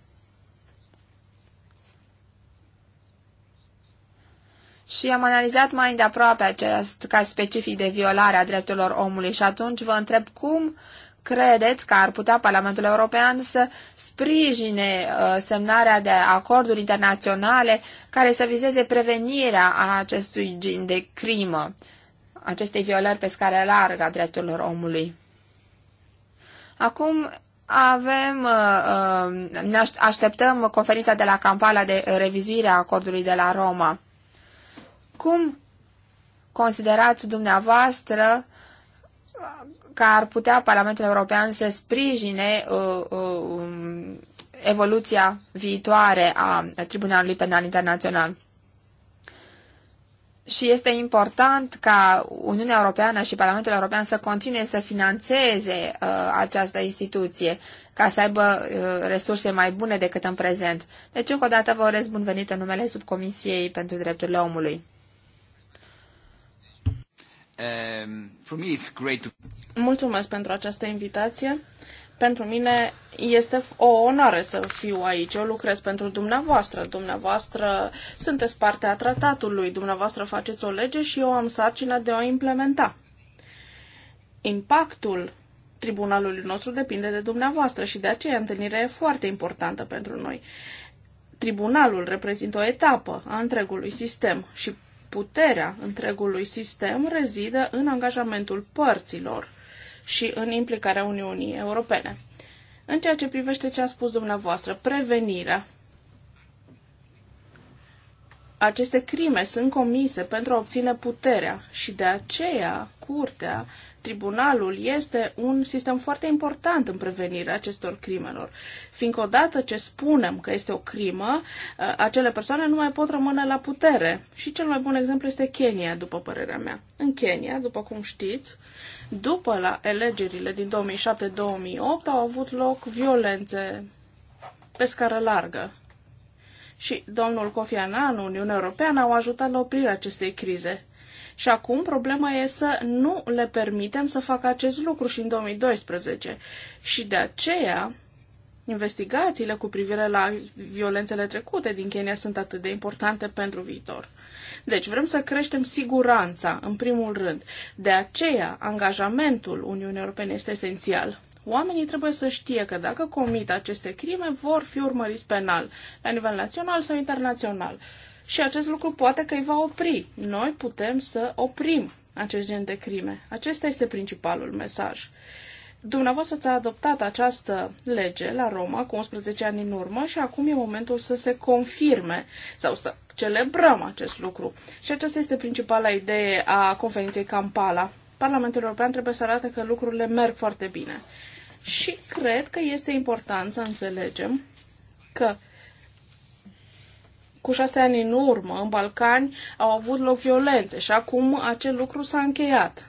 D: și am analizat mai îndeaproape acest caz specific de violare a drepturilor omului și atunci vă întreb cum credeți că ar putea Parlamentul European să sprijine uh, semnarea de acorduri internaționale care să vizeze prevenirea a acestui gen de crimă, acestei violări pe scară largă a drepturilor omului? Acum avem, uh, uh, ne așteptăm conferința de la Kampala de revizuire a acordului de la Roma. Cum considerați dumneavoastră uh, că ar putea Parlamentul European să sprijine uh, uh, um, evoluția viitoare a Tribunalului Penal Internațional? Și este important ca Uniunea Europeană și Parlamentul European să continue să financeze uh, această instituție ca să aibă uh, resurse mai bune decât în prezent. Deci, încă o dată, vă urez bun venit în numele subcomisiei pentru drepturile omului. Um, to... Mulțumesc pentru această invitație.
B: Pentru mine este o onoare să fiu aici. Eu lucrez pentru dumneavoastră. Dumneavoastră sunteți parte a tratatului. Dumneavoastră faceți o lege și eu am sarcina de a o implementa. Impactul tribunalului nostru depinde de dumneavoastră și de aceea întâlnirea e foarte importantă pentru noi. Tribunalul reprezintă o etapă a întregului sistem și puterea întregului sistem rezidă în angajamentul părților și în implicarea Uniunii Europene. În ceea ce privește ce a spus dumneavoastră, prevenirea. Aceste crime sunt comise pentru a obține puterea și de aceea curtea tribunalul este un sistem foarte important în prevenirea acestor crimelor. Fiindcă odată ce spunem că este o crimă, uh, acele persoane nu mai pot rămâne la putere. Și cel mai bun exemplu este Kenya, după părerea mea. În Kenya, după cum știți, după la elegerile din 2007-2008 au avut loc violențe pe scară largă. Și domnul Kofi Annan, Uniunea Europeană, au ajutat la oprirea acestei crize. Și acum problema e să nu le permitem să facă acest lucru și în 2012. Și de aceea, investigațiile cu privire la violențele trecute din Kenya sunt atât de importante pentru viitor. Deci vrem să creștem siguranța, în primul rând. De aceea, angajamentul Uniunii Europene este esențial. Oamenii trebuie să știe că dacă comit aceste crime, vor fi urmăriți penal, la nivel național sau internațional și acest lucru poate că îi va opri. Noi putem să oprim acest gen de crime. Acesta este principalul mesaj. Dumneavoastră ați adoptat această lege la Roma cu 11 ani în urmă și acum e momentul să se confirme sau să celebrăm acest lucru. Și aceasta este principala idee a conferinței Kampala. Parlamentul European trebuie să arate că lucrurile merg foarte bine. Și cred că este important să înțelegem că cu șase ani în urmă, în Balcani, au avut loc violențe și acum acel lucru s-a încheiat.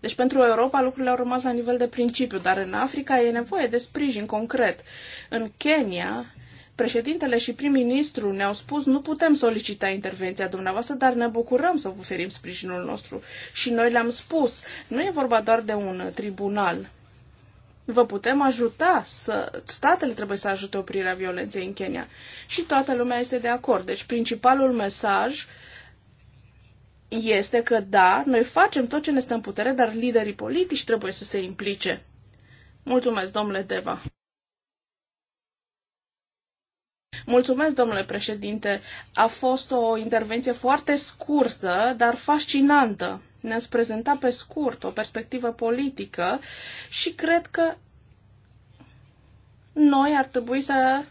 B: Deci pentru Europa lucrurile au rămas la nivel de principiu, dar în Africa e nevoie de sprijin concret. În Kenya, președintele și prim-ministru ne-au spus nu putem solicita intervenția dumneavoastră, dar ne bucurăm să vă oferim sprijinul nostru. Și noi le-am spus, nu e vorba doar de un tribunal, vă putem ajuta să... Statele trebuie să ajute oprirea violenței în Kenya. Și toată lumea este de acord. Deci principalul mesaj este că da, noi facem tot ce ne stă în putere, dar liderii politici trebuie să se implice. Mulțumesc, domnule Deva. Mulțumesc, domnule președinte. A fost o intervenție foarte scurtă, dar fascinantă. Ne-ați prezentat pe scurt o perspectivă politică și cred că noi ar trebui să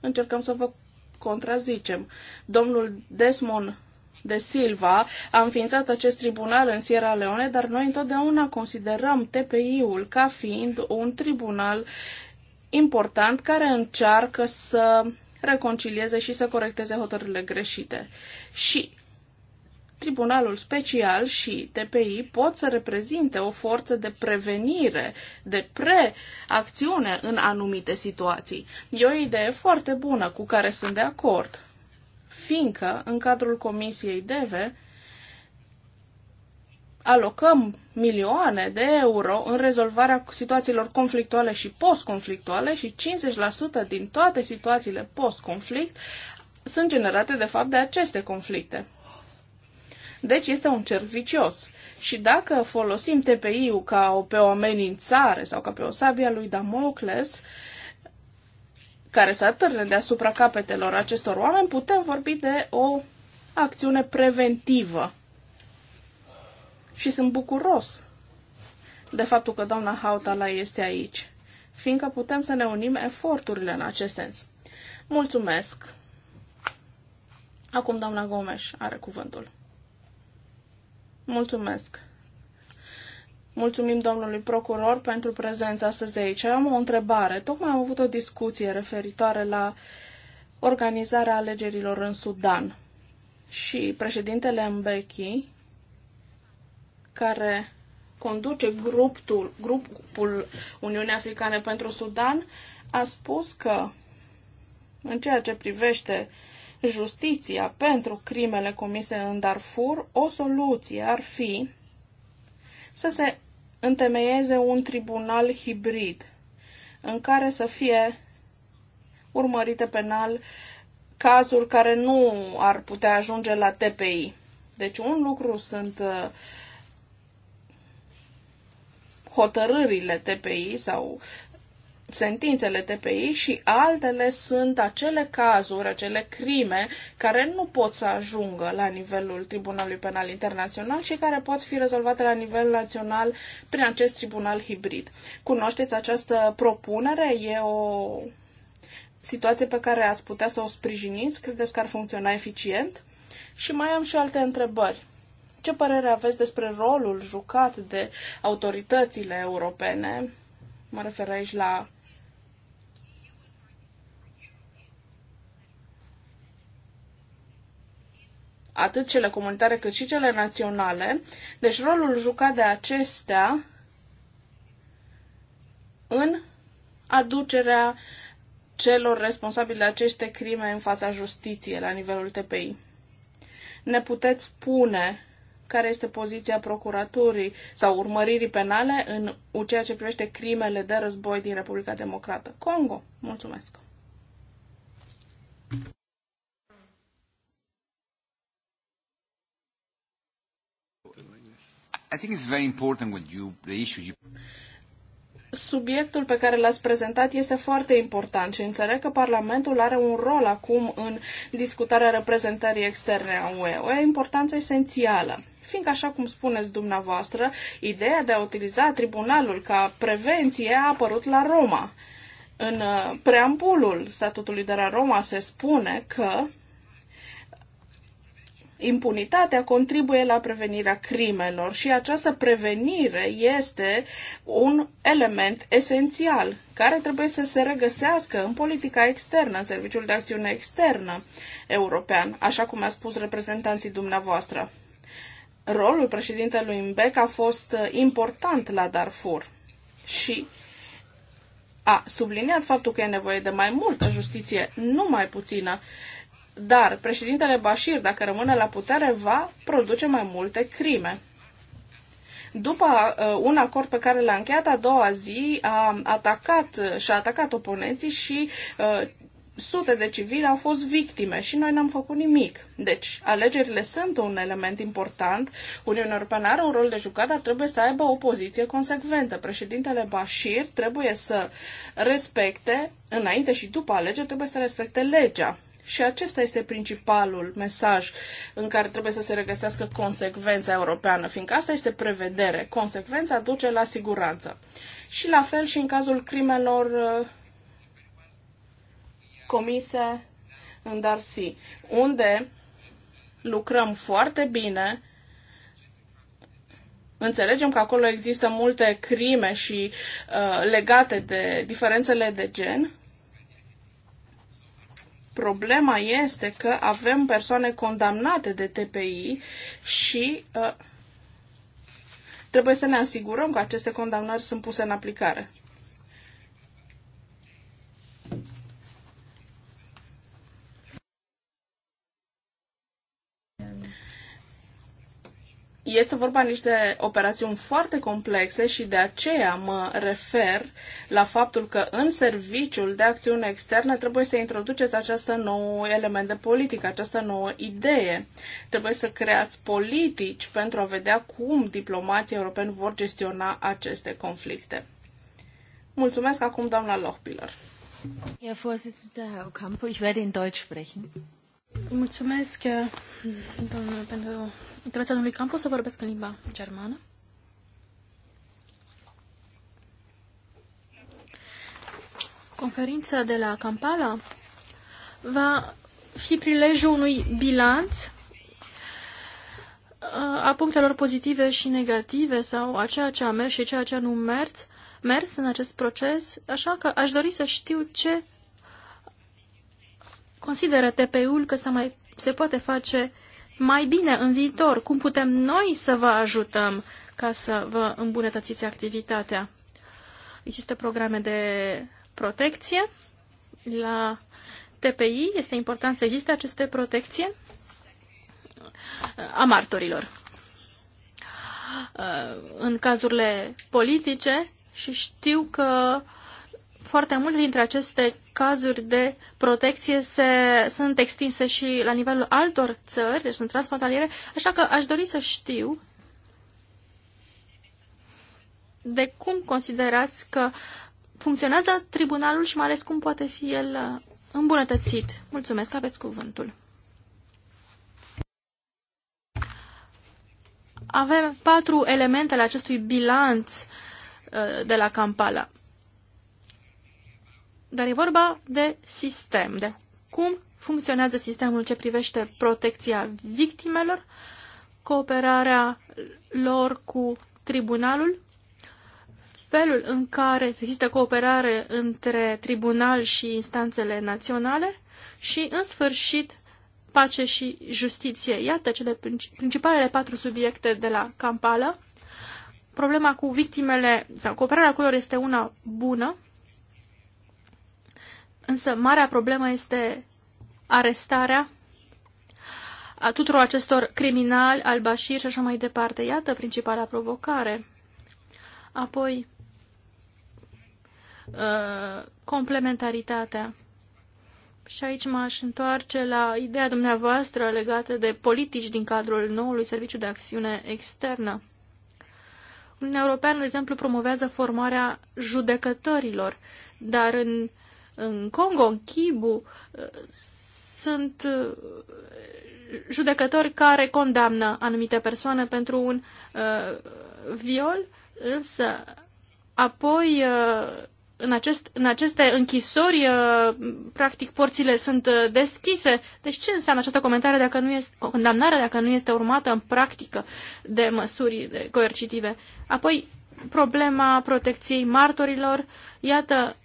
B: încercăm să vă contrazicem. Domnul Desmond de Silva a înființat acest tribunal în Sierra Leone, dar noi întotdeauna considerăm TPI-ul ca fiind un tribunal important care încearcă să reconcilieze și să corecteze hotărârile greșite. Și Tribunalul Special și TPI pot să reprezinte o forță de prevenire, de preacțiune în anumite situații. E o idee foarte bună cu care sunt de acord, fiindcă în cadrul Comisiei DEVE alocăm milioane de euro în rezolvarea situațiilor conflictuale și post-conflictuale și 50% din toate situațiile post-conflict sunt generate de fapt de aceste conflicte. Deci este un cerc vicios. Și dacă folosim TPI-ul ca o, pe o amenințare sau ca pe o sabia lui Damocles, care să atârne deasupra capetelor acestor oameni, putem vorbi de o acțiune preventivă. Și sunt bucuros de faptul că doamna Hautala este aici, fiindcă putem să ne unim eforturile în acest sens. Mulțumesc! Acum doamna Gomes are cuvântul. Mulțumesc! Mulțumim domnului procuror pentru prezența astăzi aici. Am o întrebare. Tocmai am avut o discuție referitoare la organizarea alegerilor în Sudan. Și președintele Mbeki, care conduce grupul, grupul Uniunii Africane pentru Sudan, a spus că în ceea ce privește uh, justiția pentru crimele comise în Darfur, o soluție ar fi să se întemeieze un tribunal hibrid în care să fie urmărite penal cazuri care nu ar putea ajunge la TPI. Deci un lucru sunt uh, hotărârile TPI sau sentințele TPI și altele sunt acele cazuri, acele crime care nu pot să ajungă la nivelul Tribunalului Penal Internațional și care pot fi rezolvate la nivel național prin acest tribunal hibrid. Cunoașteți această propunere? E o situație pe care ați putea să o sprijiniți? Credeți că ar funcționa eficient? Și mai am și alte întrebări. Ce părere aveți despre rolul jucat de autoritățile europene mă refer aici la atât cele comunitare cât și cele naționale. Deci rolul jucat de acestea în aducerea celor responsabili de aceste crime în fața justiției la nivelul TPI. Ne puteți spune care este poziția procuraturii sau urmăririi penale în ceea ce privește crimele de război din Republica Democrată Congo. Mulțumesc!
A: I think it's very important what you, the issue you...
B: Subiectul pe care l-ați prezentat este foarte important și înțeleg că Parlamentul are un rol acum în discutarea reprezentării externe a UE. O importanță esențială fiindcă, așa cum spuneți dumneavoastră, ideea de a utiliza tribunalul ca prevenție a apărut la Roma. În uh, preambulul statutului de la Roma se spune că Impunitatea contribuie la prevenirea crimelor și această prevenire este un element esențial care trebuie să se regăsească în politica externă, în Serviciul de Acțiune Externă European, așa cum a spus reprezentanții dumneavoastră. Rolul președintelui Mbek a fost important la Darfur și a subliniat faptul că e nevoie de mai multă justiție, nu mai puțină. Dar președintele Bashir, dacă rămâne la putere, va produce mai multe crime. După uh, un acord pe care l-a încheiat, a doua zi a atacat și a atacat oponenții și uh, sute de civili au fost victime și noi n-am făcut nimic. Deci, alegerile sunt un element important. Uniunea Europeană are un rol de jucat, dar trebuie să aibă o poziție consecventă. Președintele Bashir trebuie să respecte, înainte și după alegeri, trebuie să respecte legea. Și acesta este principalul mesaj în care trebuie să se regăsească consecvența europeană, fiindcă asta este prevedere. Consecvența duce la siguranță. Și la fel și în cazul crimelor uh, comise în Darcy, unde lucrăm foarte bine Înțelegem că acolo există multe crime și uh, legate de diferențele de gen, Problema este că avem persoane condamnate de TPI și uh, trebuie să ne asigurăm că aceste condamnări sunt puse în aplicare. Este vorba niște operațiuni foarte complexe și de aceea mă refer la faptul că în serviciul de acțiune externă trebuie să introduceți această nouă element de politică, această nouă idee. Trebuie să creați politici pentru a vedea cum diplomații europeni vor gestiona aceste conflicte. Mulțumesc acum doamna Lochbiller.
A: Herr Vorsitzender, Herr Ocampo, ich werde in Deutsch sprechen.
C: Mulțumesc, eh, domnule, pentru intervenția domnului Campo. Să vorbesc în limba germană. Conferința de la Kampala va fi prilejul unui bilanț eh, a punctelor pozitive și negative sau a ceea ce a mers și ceea ce nu mers, mers în acest proces, așa că aș dori să știu ce consideră TPU-ul că se, mai, se poate face mai bine în viitor? Cum putem noi să vă ajutăm ca să vă îmbunătățiți activitatea? Există programe de protecție la TPI. Este important să existe aceste protecție a martorilor. În cazurile politice și știu că uh, foarte multe dintre aceste cazuri de protecție se, sunt extinse și la nivelul altor țări, deci sunt transfrontaliere, așa că aș dori să știu de cum considerați că funcționează tribunalul și mai ales cum poate fi el îmbunătățit. Mulțumesc, aveți cuvântul. Avem patru elemente la acestui bilanț uh, de la Kampala. Dar e vorba de sistem, de cum funcționează sistemul ce privește protecția victimelor, cooperarea lor cu tribunalul, felul în care există cooperare între tribunal și instanțele naționale și, în sfârșit, pace și justiție. Iată cele principalele patru subiecte de la Kampala. Problema cu victimele sau cooperarea cu lor este una bună, Însă marea problemă este arestarea a tuturor acestor criminali, albașiri și așa mai departe. Iată principala provocare. Apoi, uh, complementaritatea. Și aici m-aș întoarce la ideea dumneavoastră legată de politici din cadrul noului Serviciu de Acțiune Externă. Uniunea Europeană, de exemplu, promovează formarea judecătorilor, dar în în Congo, în Kibu, uh, sunt uh, judecători care condamnă anumite persoane pentru un uh, viol, însă apoi uh, în, acest, în aceste închisori, uh, practic, porțile sunt uh, deschise. Deci ce înseamnă această comentare dacă nu este, condamnare dacă nu este urmată în practică de măsuri coercitive? Apoi, problema protecției martorilor. Iată,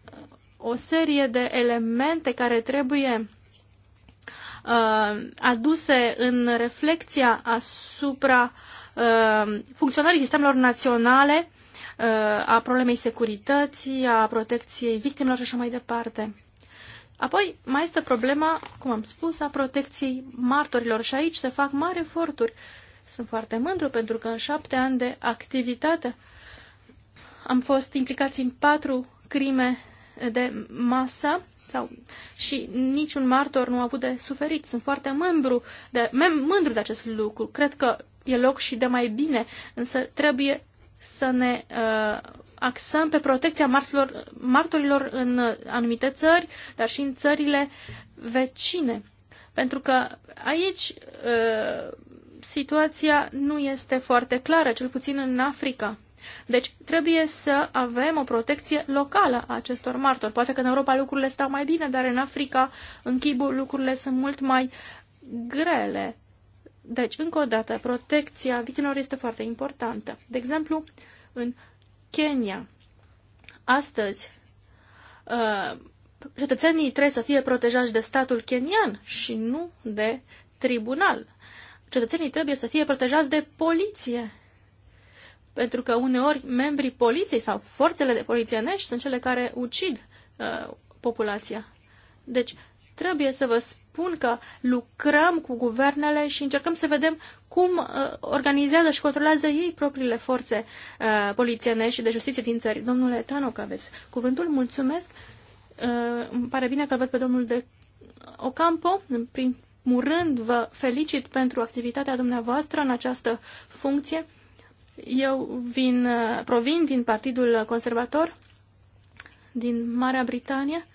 C: o serie de elemente care trebuie uh, aduse în reflexia asupra uh, funcționării sistemelor naționale, uh, a problemei securității, a protecției victimelor și așa mai departe. Apoi mai este problema, cum am spus, a protecției martorilor și aici se fac mari eforturi. Sunt foarte mândru pentru că în șapte ani de activitate am fost implicați în patru crime de masă sau, și niciun martor nu a avut de suferit. Sunt foarte mândru de, mândru de acest lucru. Cred că e loc și de mai bine, însă trebuie să ne uh, axăm pe protecția martorilor, martorilor în anumite țări, dar și în țările vecine. Pentru că aici uh, situația nu este foarte clară, cel puțin în Africa. Deci trebuie să avem o protecție locală a acestor martori. Poate că în Europa lucrurile stau mai bine, dar în Africa, în Chibu, lucrurile sunt mult mai grele. Deci, încă o dată, protecția victimelor este foarte importantă. De exemplu, în Kenya, astăzi, uh, cetățenii trebuie să fie protejați de statul kenian și nu de tribunal. Cetățenii trebuie să fie protejați de poliție pentru că uneori membrii poliției sau forțele de polițienești sunt cele care ucid uh, populația. Deci, trebuie să vă spun că lucrăm cu guvernele și încercăm să vedem cum uh, organizează și controlează ei propriile forțe uh, polițienești și de justiție din țări. Domnule Tanoc, aveți cuvântul, mulțumesc. Uh, îmi pare bine că văd pe domnul de Ocampo. prin murând, vă felicit pentru activitatea dumneavoastră în această funcție. Eu vin, uh, provin din Partidul Conservator din Marea Britanie,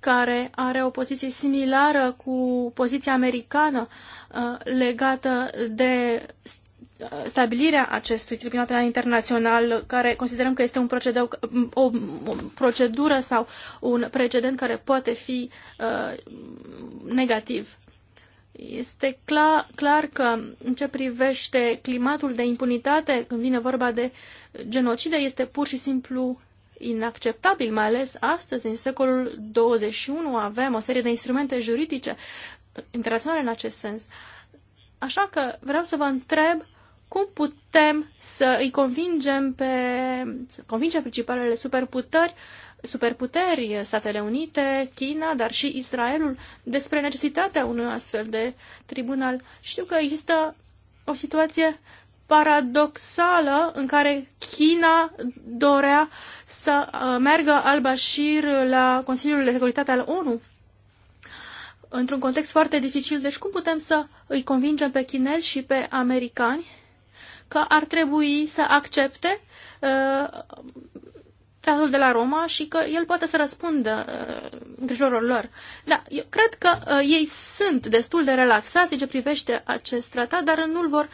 C: care are o poziție similară cu poziția americană uh, legată de uh, stabilirea acestui tribunal penal internațional, care considerăm că este un procedeu, um, o, o procedură sau un precedent care poate fi uh, negativ este clar, clar că în ce privește climatul de impunitate, când vine vorba de genocide, este pur și simplu inacceptabil, mai ales astăzi, în secolul 21, avem o serie de instrumente juridice internaționale în acest sens. Așa că vreau să vă întreb cum putem să îi convingem pe, să convingem principalele superputări superputeri, Statele Unite, China, dar și Israelul, despre necesitatea unui astfel de tribunal. Știu că există o situație paradoxală în care China dorea să uh, meargă al-Bashir la Consiliul de Securitate al ONU într-un context foarte dificil. Deci cum putem să îi convingem pe chinezi și pe americani că ar trebui să accepte uh, tratatul de la Roma și că el poate să răspundă uh, îngrijorilor lor. Da, eu cred că uh, ei sunt destul de relaxați ce privește acest tratat, dar nu-l vor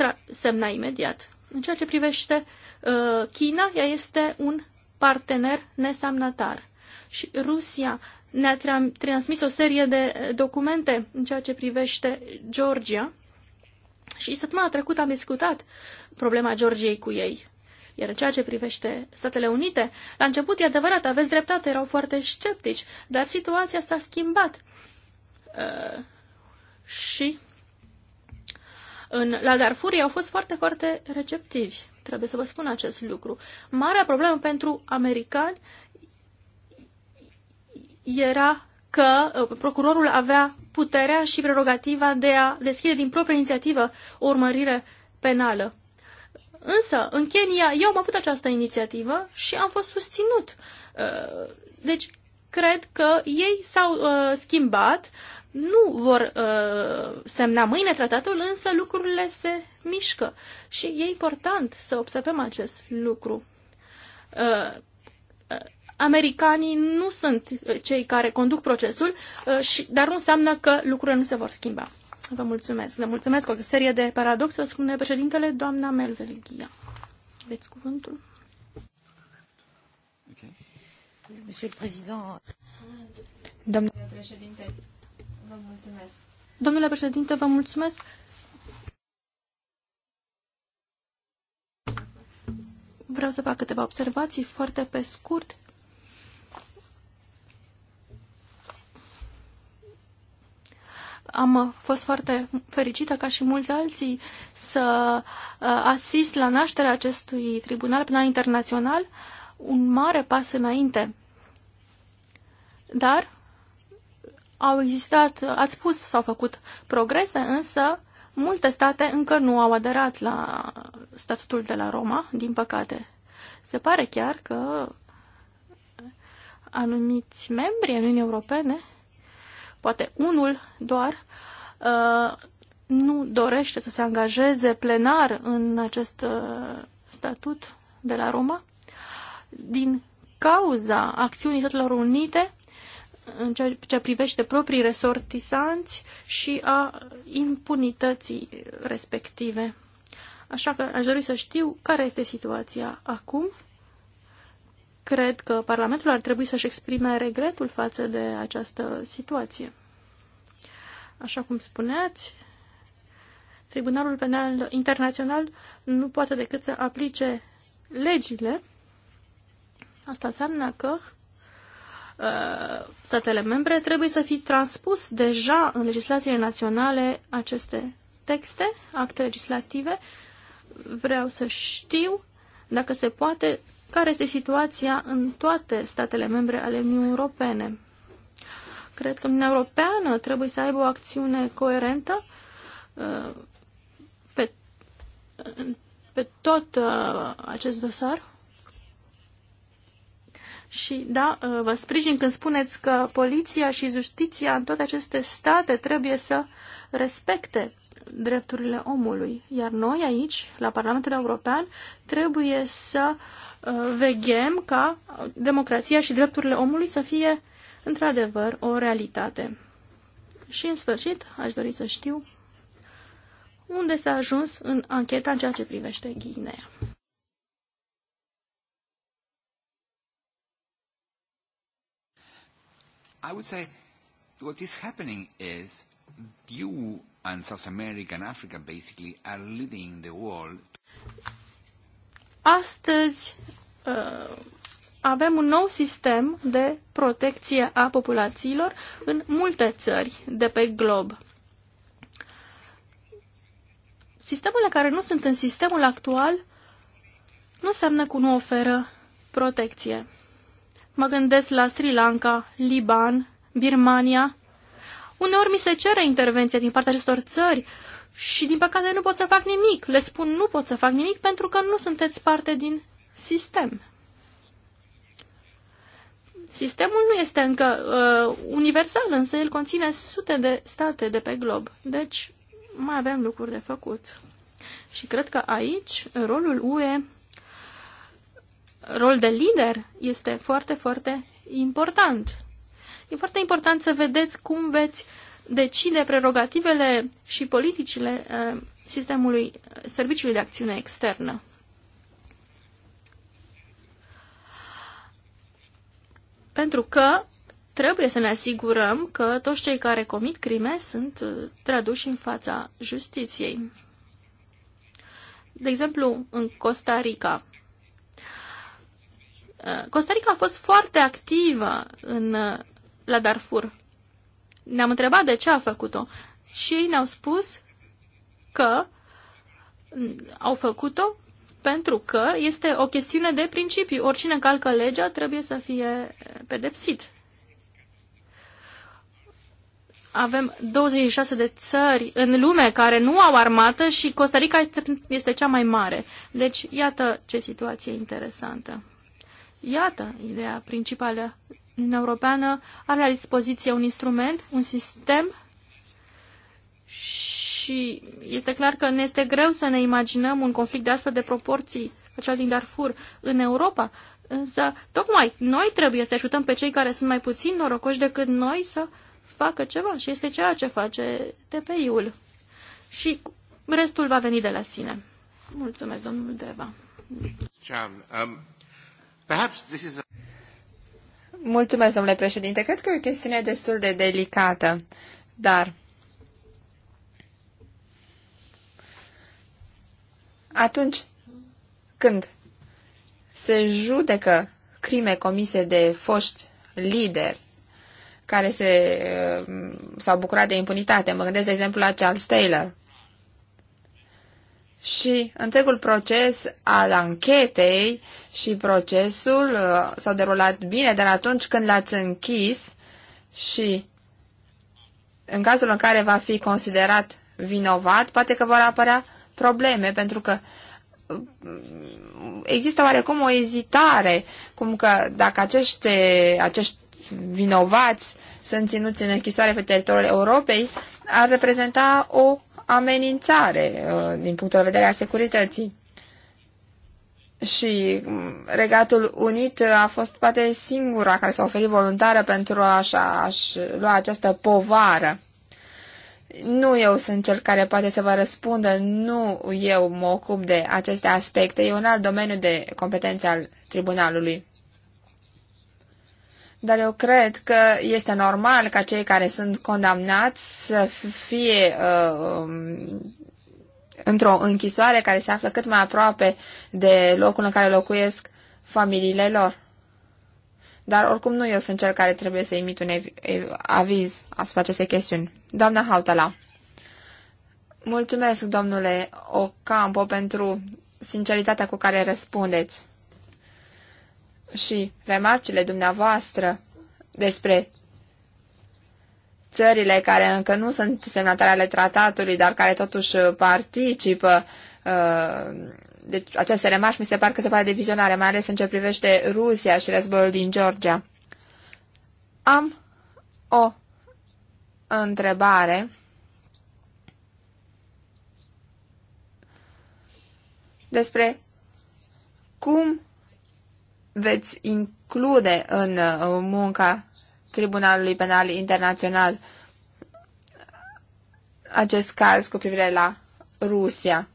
C: uh, semna imediat. În ceea ce privește uh, China, ea este un partener nesamnatar. Și Rusia ne-a tra- transmis o serie de uh, documente în ceea ce privește Georgia și săptămâna trecută am discutat problema Georgiei cu ei. Iar în ceea ce privește Statele Unite, la început e adevărat, aveți dreptate, erau foarte sceptici, dar situația s-a schimbat. Uh, și în, la Darfur au fost foarte, foarte receptivi. Trebuie să vă spun acest lucru. Marea problemă pentru americani era că uh, procurorul avea puterea și prerogativa de a deschide din proprie inițiativă o urmărire penală. Însă, în Kenya, eu am avut această inițiativă și am fost susținut. Uh, deci, cred că ei s-au uh, schimbat, nu vor uh, semna mâine tratatul, însă lucrurile se mișcă. Și e important să observăm acest lucru americanii nu sunt cei care conduc procesul, dar nu înseamnă că lucrurile nu se vor schimba. Vă mulțumesc. Le mulțumesc o serie de paradoxuri, spune președintele, doamna Melvelghia. Da. Aveți cuvântul? Monsieur le Président. Domnule
D: președinte, vă mulțumesc.
C: Domnule președinte, vă mulțumesc. Vreau să fac câteva observații foarte pe scurt am fost foarte fericită, ca și mulți alții, să uh, asist la nașterea acestui tribunal penal internațional, un mare pas înainte. Dar au existat, ați spus, s-au făcut progrese, însă multe state încă nu au aderat la statutul de la Roma, din păcate. Se pare chiar că anumiți membri ai Uniunii Europene poate unul doar, uh, nu dorește să se angajeze plenar în acest uh, statut de la Roma, din cauza acțiunii Statelor Unite în ce privește proprii resortisanți și a impunității respective. Așa că aș dori să știu care este situația acum Cred că Parlamentul ar trebui să-și exprime regretul față de această situație. Așa cum spuneați, Tribunalul Penal Internațional nu poate decât să aplice legile. Asta înseamnă că uh, statele membre trebuie să fi transpus deja în legislațiile naționale aceste texte, acte legislative. Vreau să știu dacă se poate care este situația în toate statele membre ale Uniunii Europene. Cred că Uniunea Europeană trebuie să aibă o acțiune coerentă uh, pe, pe tot uh, acest dosar. Și da, uh, vă sprijin când spuneți că poliția și justiția în toate aceste state trebuie să respecte drepturile omului. Iar noi aici, la Parlamentul European, trebuie să uh, veghem ca democrația și drepturile omului să fie într-adevăr o realitate. Și în sfârșit, aș dori să știu unde s-a ajuns în ancheta în ceea ce privește Ghinea.
A: I would say what is happening is you and South America and Africa basically are leading the world.
C: Astăzi uh, avem un nou sistem de protecție a populațiilor în multe țări de pe glob. Sistemele care nu sunt în sistemul actual nu înseamnă că nu oferă protecție. Mă gândesc la Sri Lanka, Liban, Birmania, Uneori mi se cere intervenția din partea acestor țări și, din păcate, nu pot să fac nimic. Le spun nu pot să fac nimic pentru că nu sunteți parte din sistem. Sistemul nu este încă uh, universal, însă el conține sute de state de pe glob. Deci, mai avem lucruri de făcut. Și cred că aici rolul UE, rol de lider, este foarte, foarte important. E foarte important să vedeți cum veți decide prerogativele și politicile uh, sistemului uh, Serviciului de Acțiune Externă. Pentru că trebuie să ne asigurăm că toți cei care comit crime sunt uh, traduși în fața justiției. De exemplu, în Costa Rica. Costa Rica a fost foarte activă în la Darfur. Ne-am întrebat de ce a făcut-o și ei ne-au spus că au făcut-o pentru că este o chestiune de principiu. Oricine calcă legea trebuie să fie pedepsit. Avem 26 de țări în lume care nu au armată și Costa Rica este, este cea mai mare. Deci, iată ce situație interesantă. Iată ideea principală Uniunea Europeană are la dispoziție un instrument, un sistem și este clar că ne este greu să ne imaginăm un conflict de astfel de proporții ca cel din Darfur în Europa, însă tocmai noi trebuie să ajutăm pe cei care sunt mai puțin norocoși decât noi să facă ceva și este ceea ce face TPI-ul. Și restul va veni de la sine.
D: Mulțumesc, domnul
A: Deva. Um, perhaps this is
D: Mulțumesc, domnule președinte. Cred că e o chestiune destul de delicată, dar atunci când se judecă crime comise de foști lideri care se, uh, s-au bucurat de impunitate, mă gândesc de exemplu la Charles Taylor, și întregul proces al anchetei și procesul uh, s-au derulat bine, dar atunci când l-ați închis și în cazul în care va fi considerat vinovat, poate că vor apărea probleme, pentru că uh, există oarecum o ezitare, cum că dacă acești, acești vinovați sunt ținuți în închisoare pe teritoriul Europei, ar reprezenta o amenințare uh, din punctul de vedere a securității. Și mm, Regatul Unit a fost poate singura care s-a oferit voluntară pentru a-și, a lua această povară. Nu eu sunt cel care poate să vă răspundă, nu eu mă ocup de aceste aspecte, e un alt domeniu de competență al tribunalului. Dar eu cred că este normal ca cei care sunt condamnați să fie uh, um, într-o închisoare care se află cât mai aproape de locul în care locuiesc familiile lor. Dar oricum nu eu sunt cel care trebuie să imit un aviz asupra acestei chestiuni. Doamna Hautala, mulțumesc, domnule Ocampo, pentru sinceritatea cu care răspundeți și remarcile dumneavoastră despre țările care încă nu sunt semnatare ale tratatului, dar care totuși uh, participă. Uh, deci aceste remarci mi se par că se pare de vizionare, mai ales în ce privește Rusia și războiul din Georgia. Am o întrebare despre cum veți include în uh, munca Tribunalului Penal Internațional acest caz cu privire la Rusia.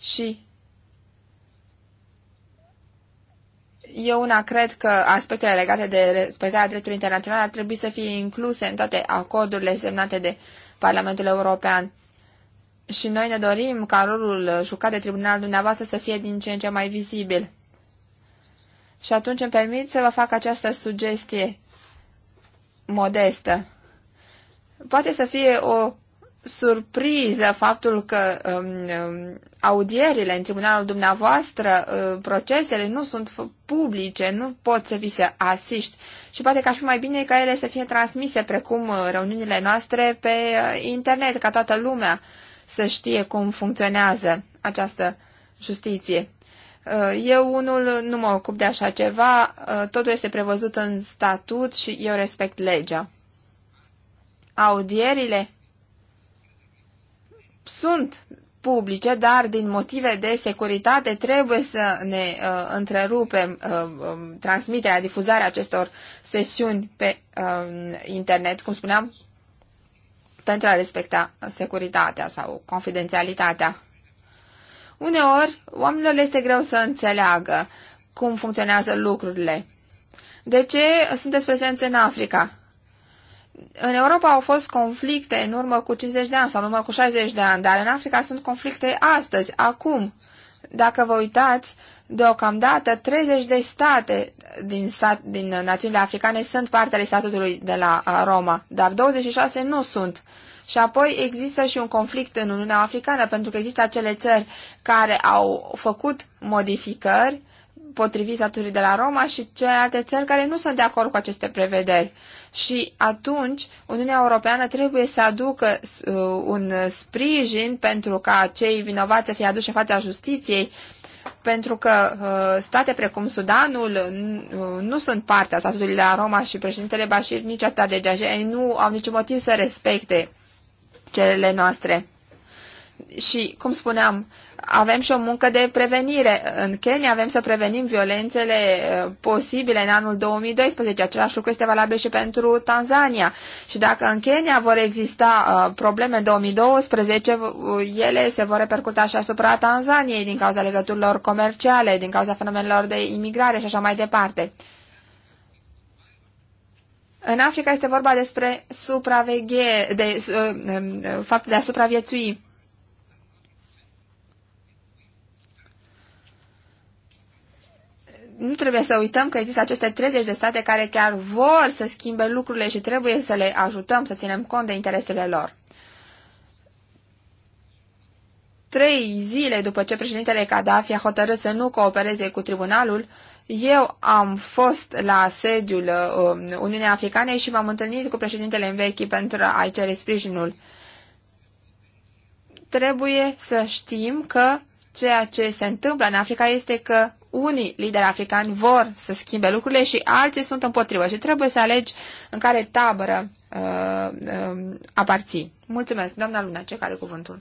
D: Și eu una cred că aspectele legate de respectarea dreptului internațional ar trebui să fie incluse în toate acordurile semnate de Parlamentul European. Și noi ne dorim ca rolul jucat de tribunal dumneavoastră să fie din ce în ce mai vizibil. Și atunci îmi permit să vă fac această sugestie modestă. Poate să fie o surpriză faptul că um, um audierile în tribunalul dumneavoastră, um, procesele nu sunt publice, nu pot să vi se asiști și poate că ar fi mai bine ca ele să fie transmise precum uh, reuniunile noastre pe uh, internet, ca toată lumea să știe cum funcționează această justiție. Uh, eu unul nu mă ocup de așa ceva, uh, totul este prevăzut în statut și eu respect legea. Audierile sunt publice, dar din motive de securitate trebuie să ne uh, întrerupem uh, um, transmiterea, difuzarea acestor sesiuni pe uh, internet, cum spuneam, pentru a respecta securitatea sau confidențialitatea. Uneori, oamenilor le este greu să înțeleagă cum funcționează lucrurile. De ce sunteți prezenți în Africa? În Europa au fost conflicte în urmă cu 50 de ani sau în urmă cu 60 de ani, dar în Africa sunt conflicte astăzi, acum. Dacă vă uitați, deocamdată 30 de state din, sat, din uh, națiunile africane sunt parte ale statutului de la uh, Roma, dar 26 nu sunt. Și apoi există și un conflict în Uniunea Africană, pentru că există acele țări care au făcut modificări potrivit statutului de la Roma și celelalte țări care nu sunt de acord cu aceste prevederi. Și atunci Uniunea Europeană trebuie să aducă uh, un sprijin pentru ca cei vinovați să fie aduși în fața justiției pentru că uh, state precum Sudanul uh, nu sunt partea de la Roma și președintele Bashir nici atât de ei nu au niciun motiv să respecte cererile noastre. Și, cum spuneam, avem și o muncă de prevenire. În Kenya avem să prevenim violențele uh, posibile în anul 2012. Același lucru este valabil și pentru Tanzania. Și dacă în Kenya vor exista uh, probleme în 2012, uh, ele se vor repercuta și asupra Tanzaniei din cauza legăturilor comerciale, din cauza fenomenelor de imigrare și așa mai departe. În Africa este vorba despre supraveghe, de, de, de, de, de a supraviețui. nu trebuie să uităm că există aceste 30 de state care chiar vor să schimbe lucrurile și trebuie să le ajutăm să ținem cont de interesele lor. Trei zile după ce președintele Gaddafi a hotărât să nu coopereze cu tribunalul, eu am fost la sediul um, Uniunii Africane și m-am întâlnit cu președintele Învechi pentru a-i cere sprijinul. Trebuie să știm că ceea ce se întâmplă în Africa este că unii lideri africani vor să schimbe lucrurile și alții sunt împotrivă și trebuie să alegi în care tabără uh, uh, aparții. Mulțumesc, doamna Luna, ce care cuvântul.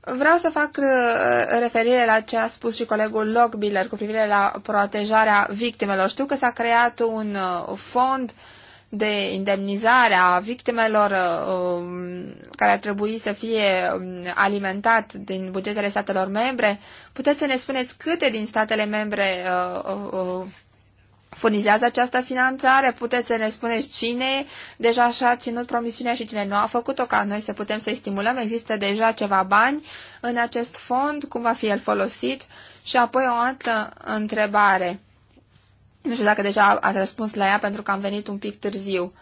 D: Vreau să fac uh, referire la ce a spus și colegul Lockbiller cu privire la protejarea victimelor. Știu că s-a creat un uh, fond uh, de indemnizare a victimelor um, care ar trebui să fie um, alimentat din bugetele statelor membre, puteți să ne spuneți câte din statele membre uh, uh, uh, furnizează această finanțare? Puteți să ne spuneți cine deja și-a ținut promisiunea și cine nu a făcut-o ca noi să putem să-i stimulăm? Există deja ceva bani în acest fond? Cum va fi el folosit? Și apoi o altă întrebare. Nu știu dacă deja ați răspuns la ea pentru că am venit un pic târziu.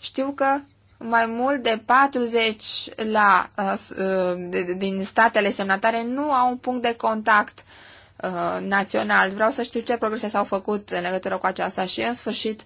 D: Știu că mai mult de 40 la, uh, uh, din statele semnatare nu au un punct de contact uh, național. Vreau să știu ce progrese s-au făcut în legătură cu aceasta și, în sfârșit,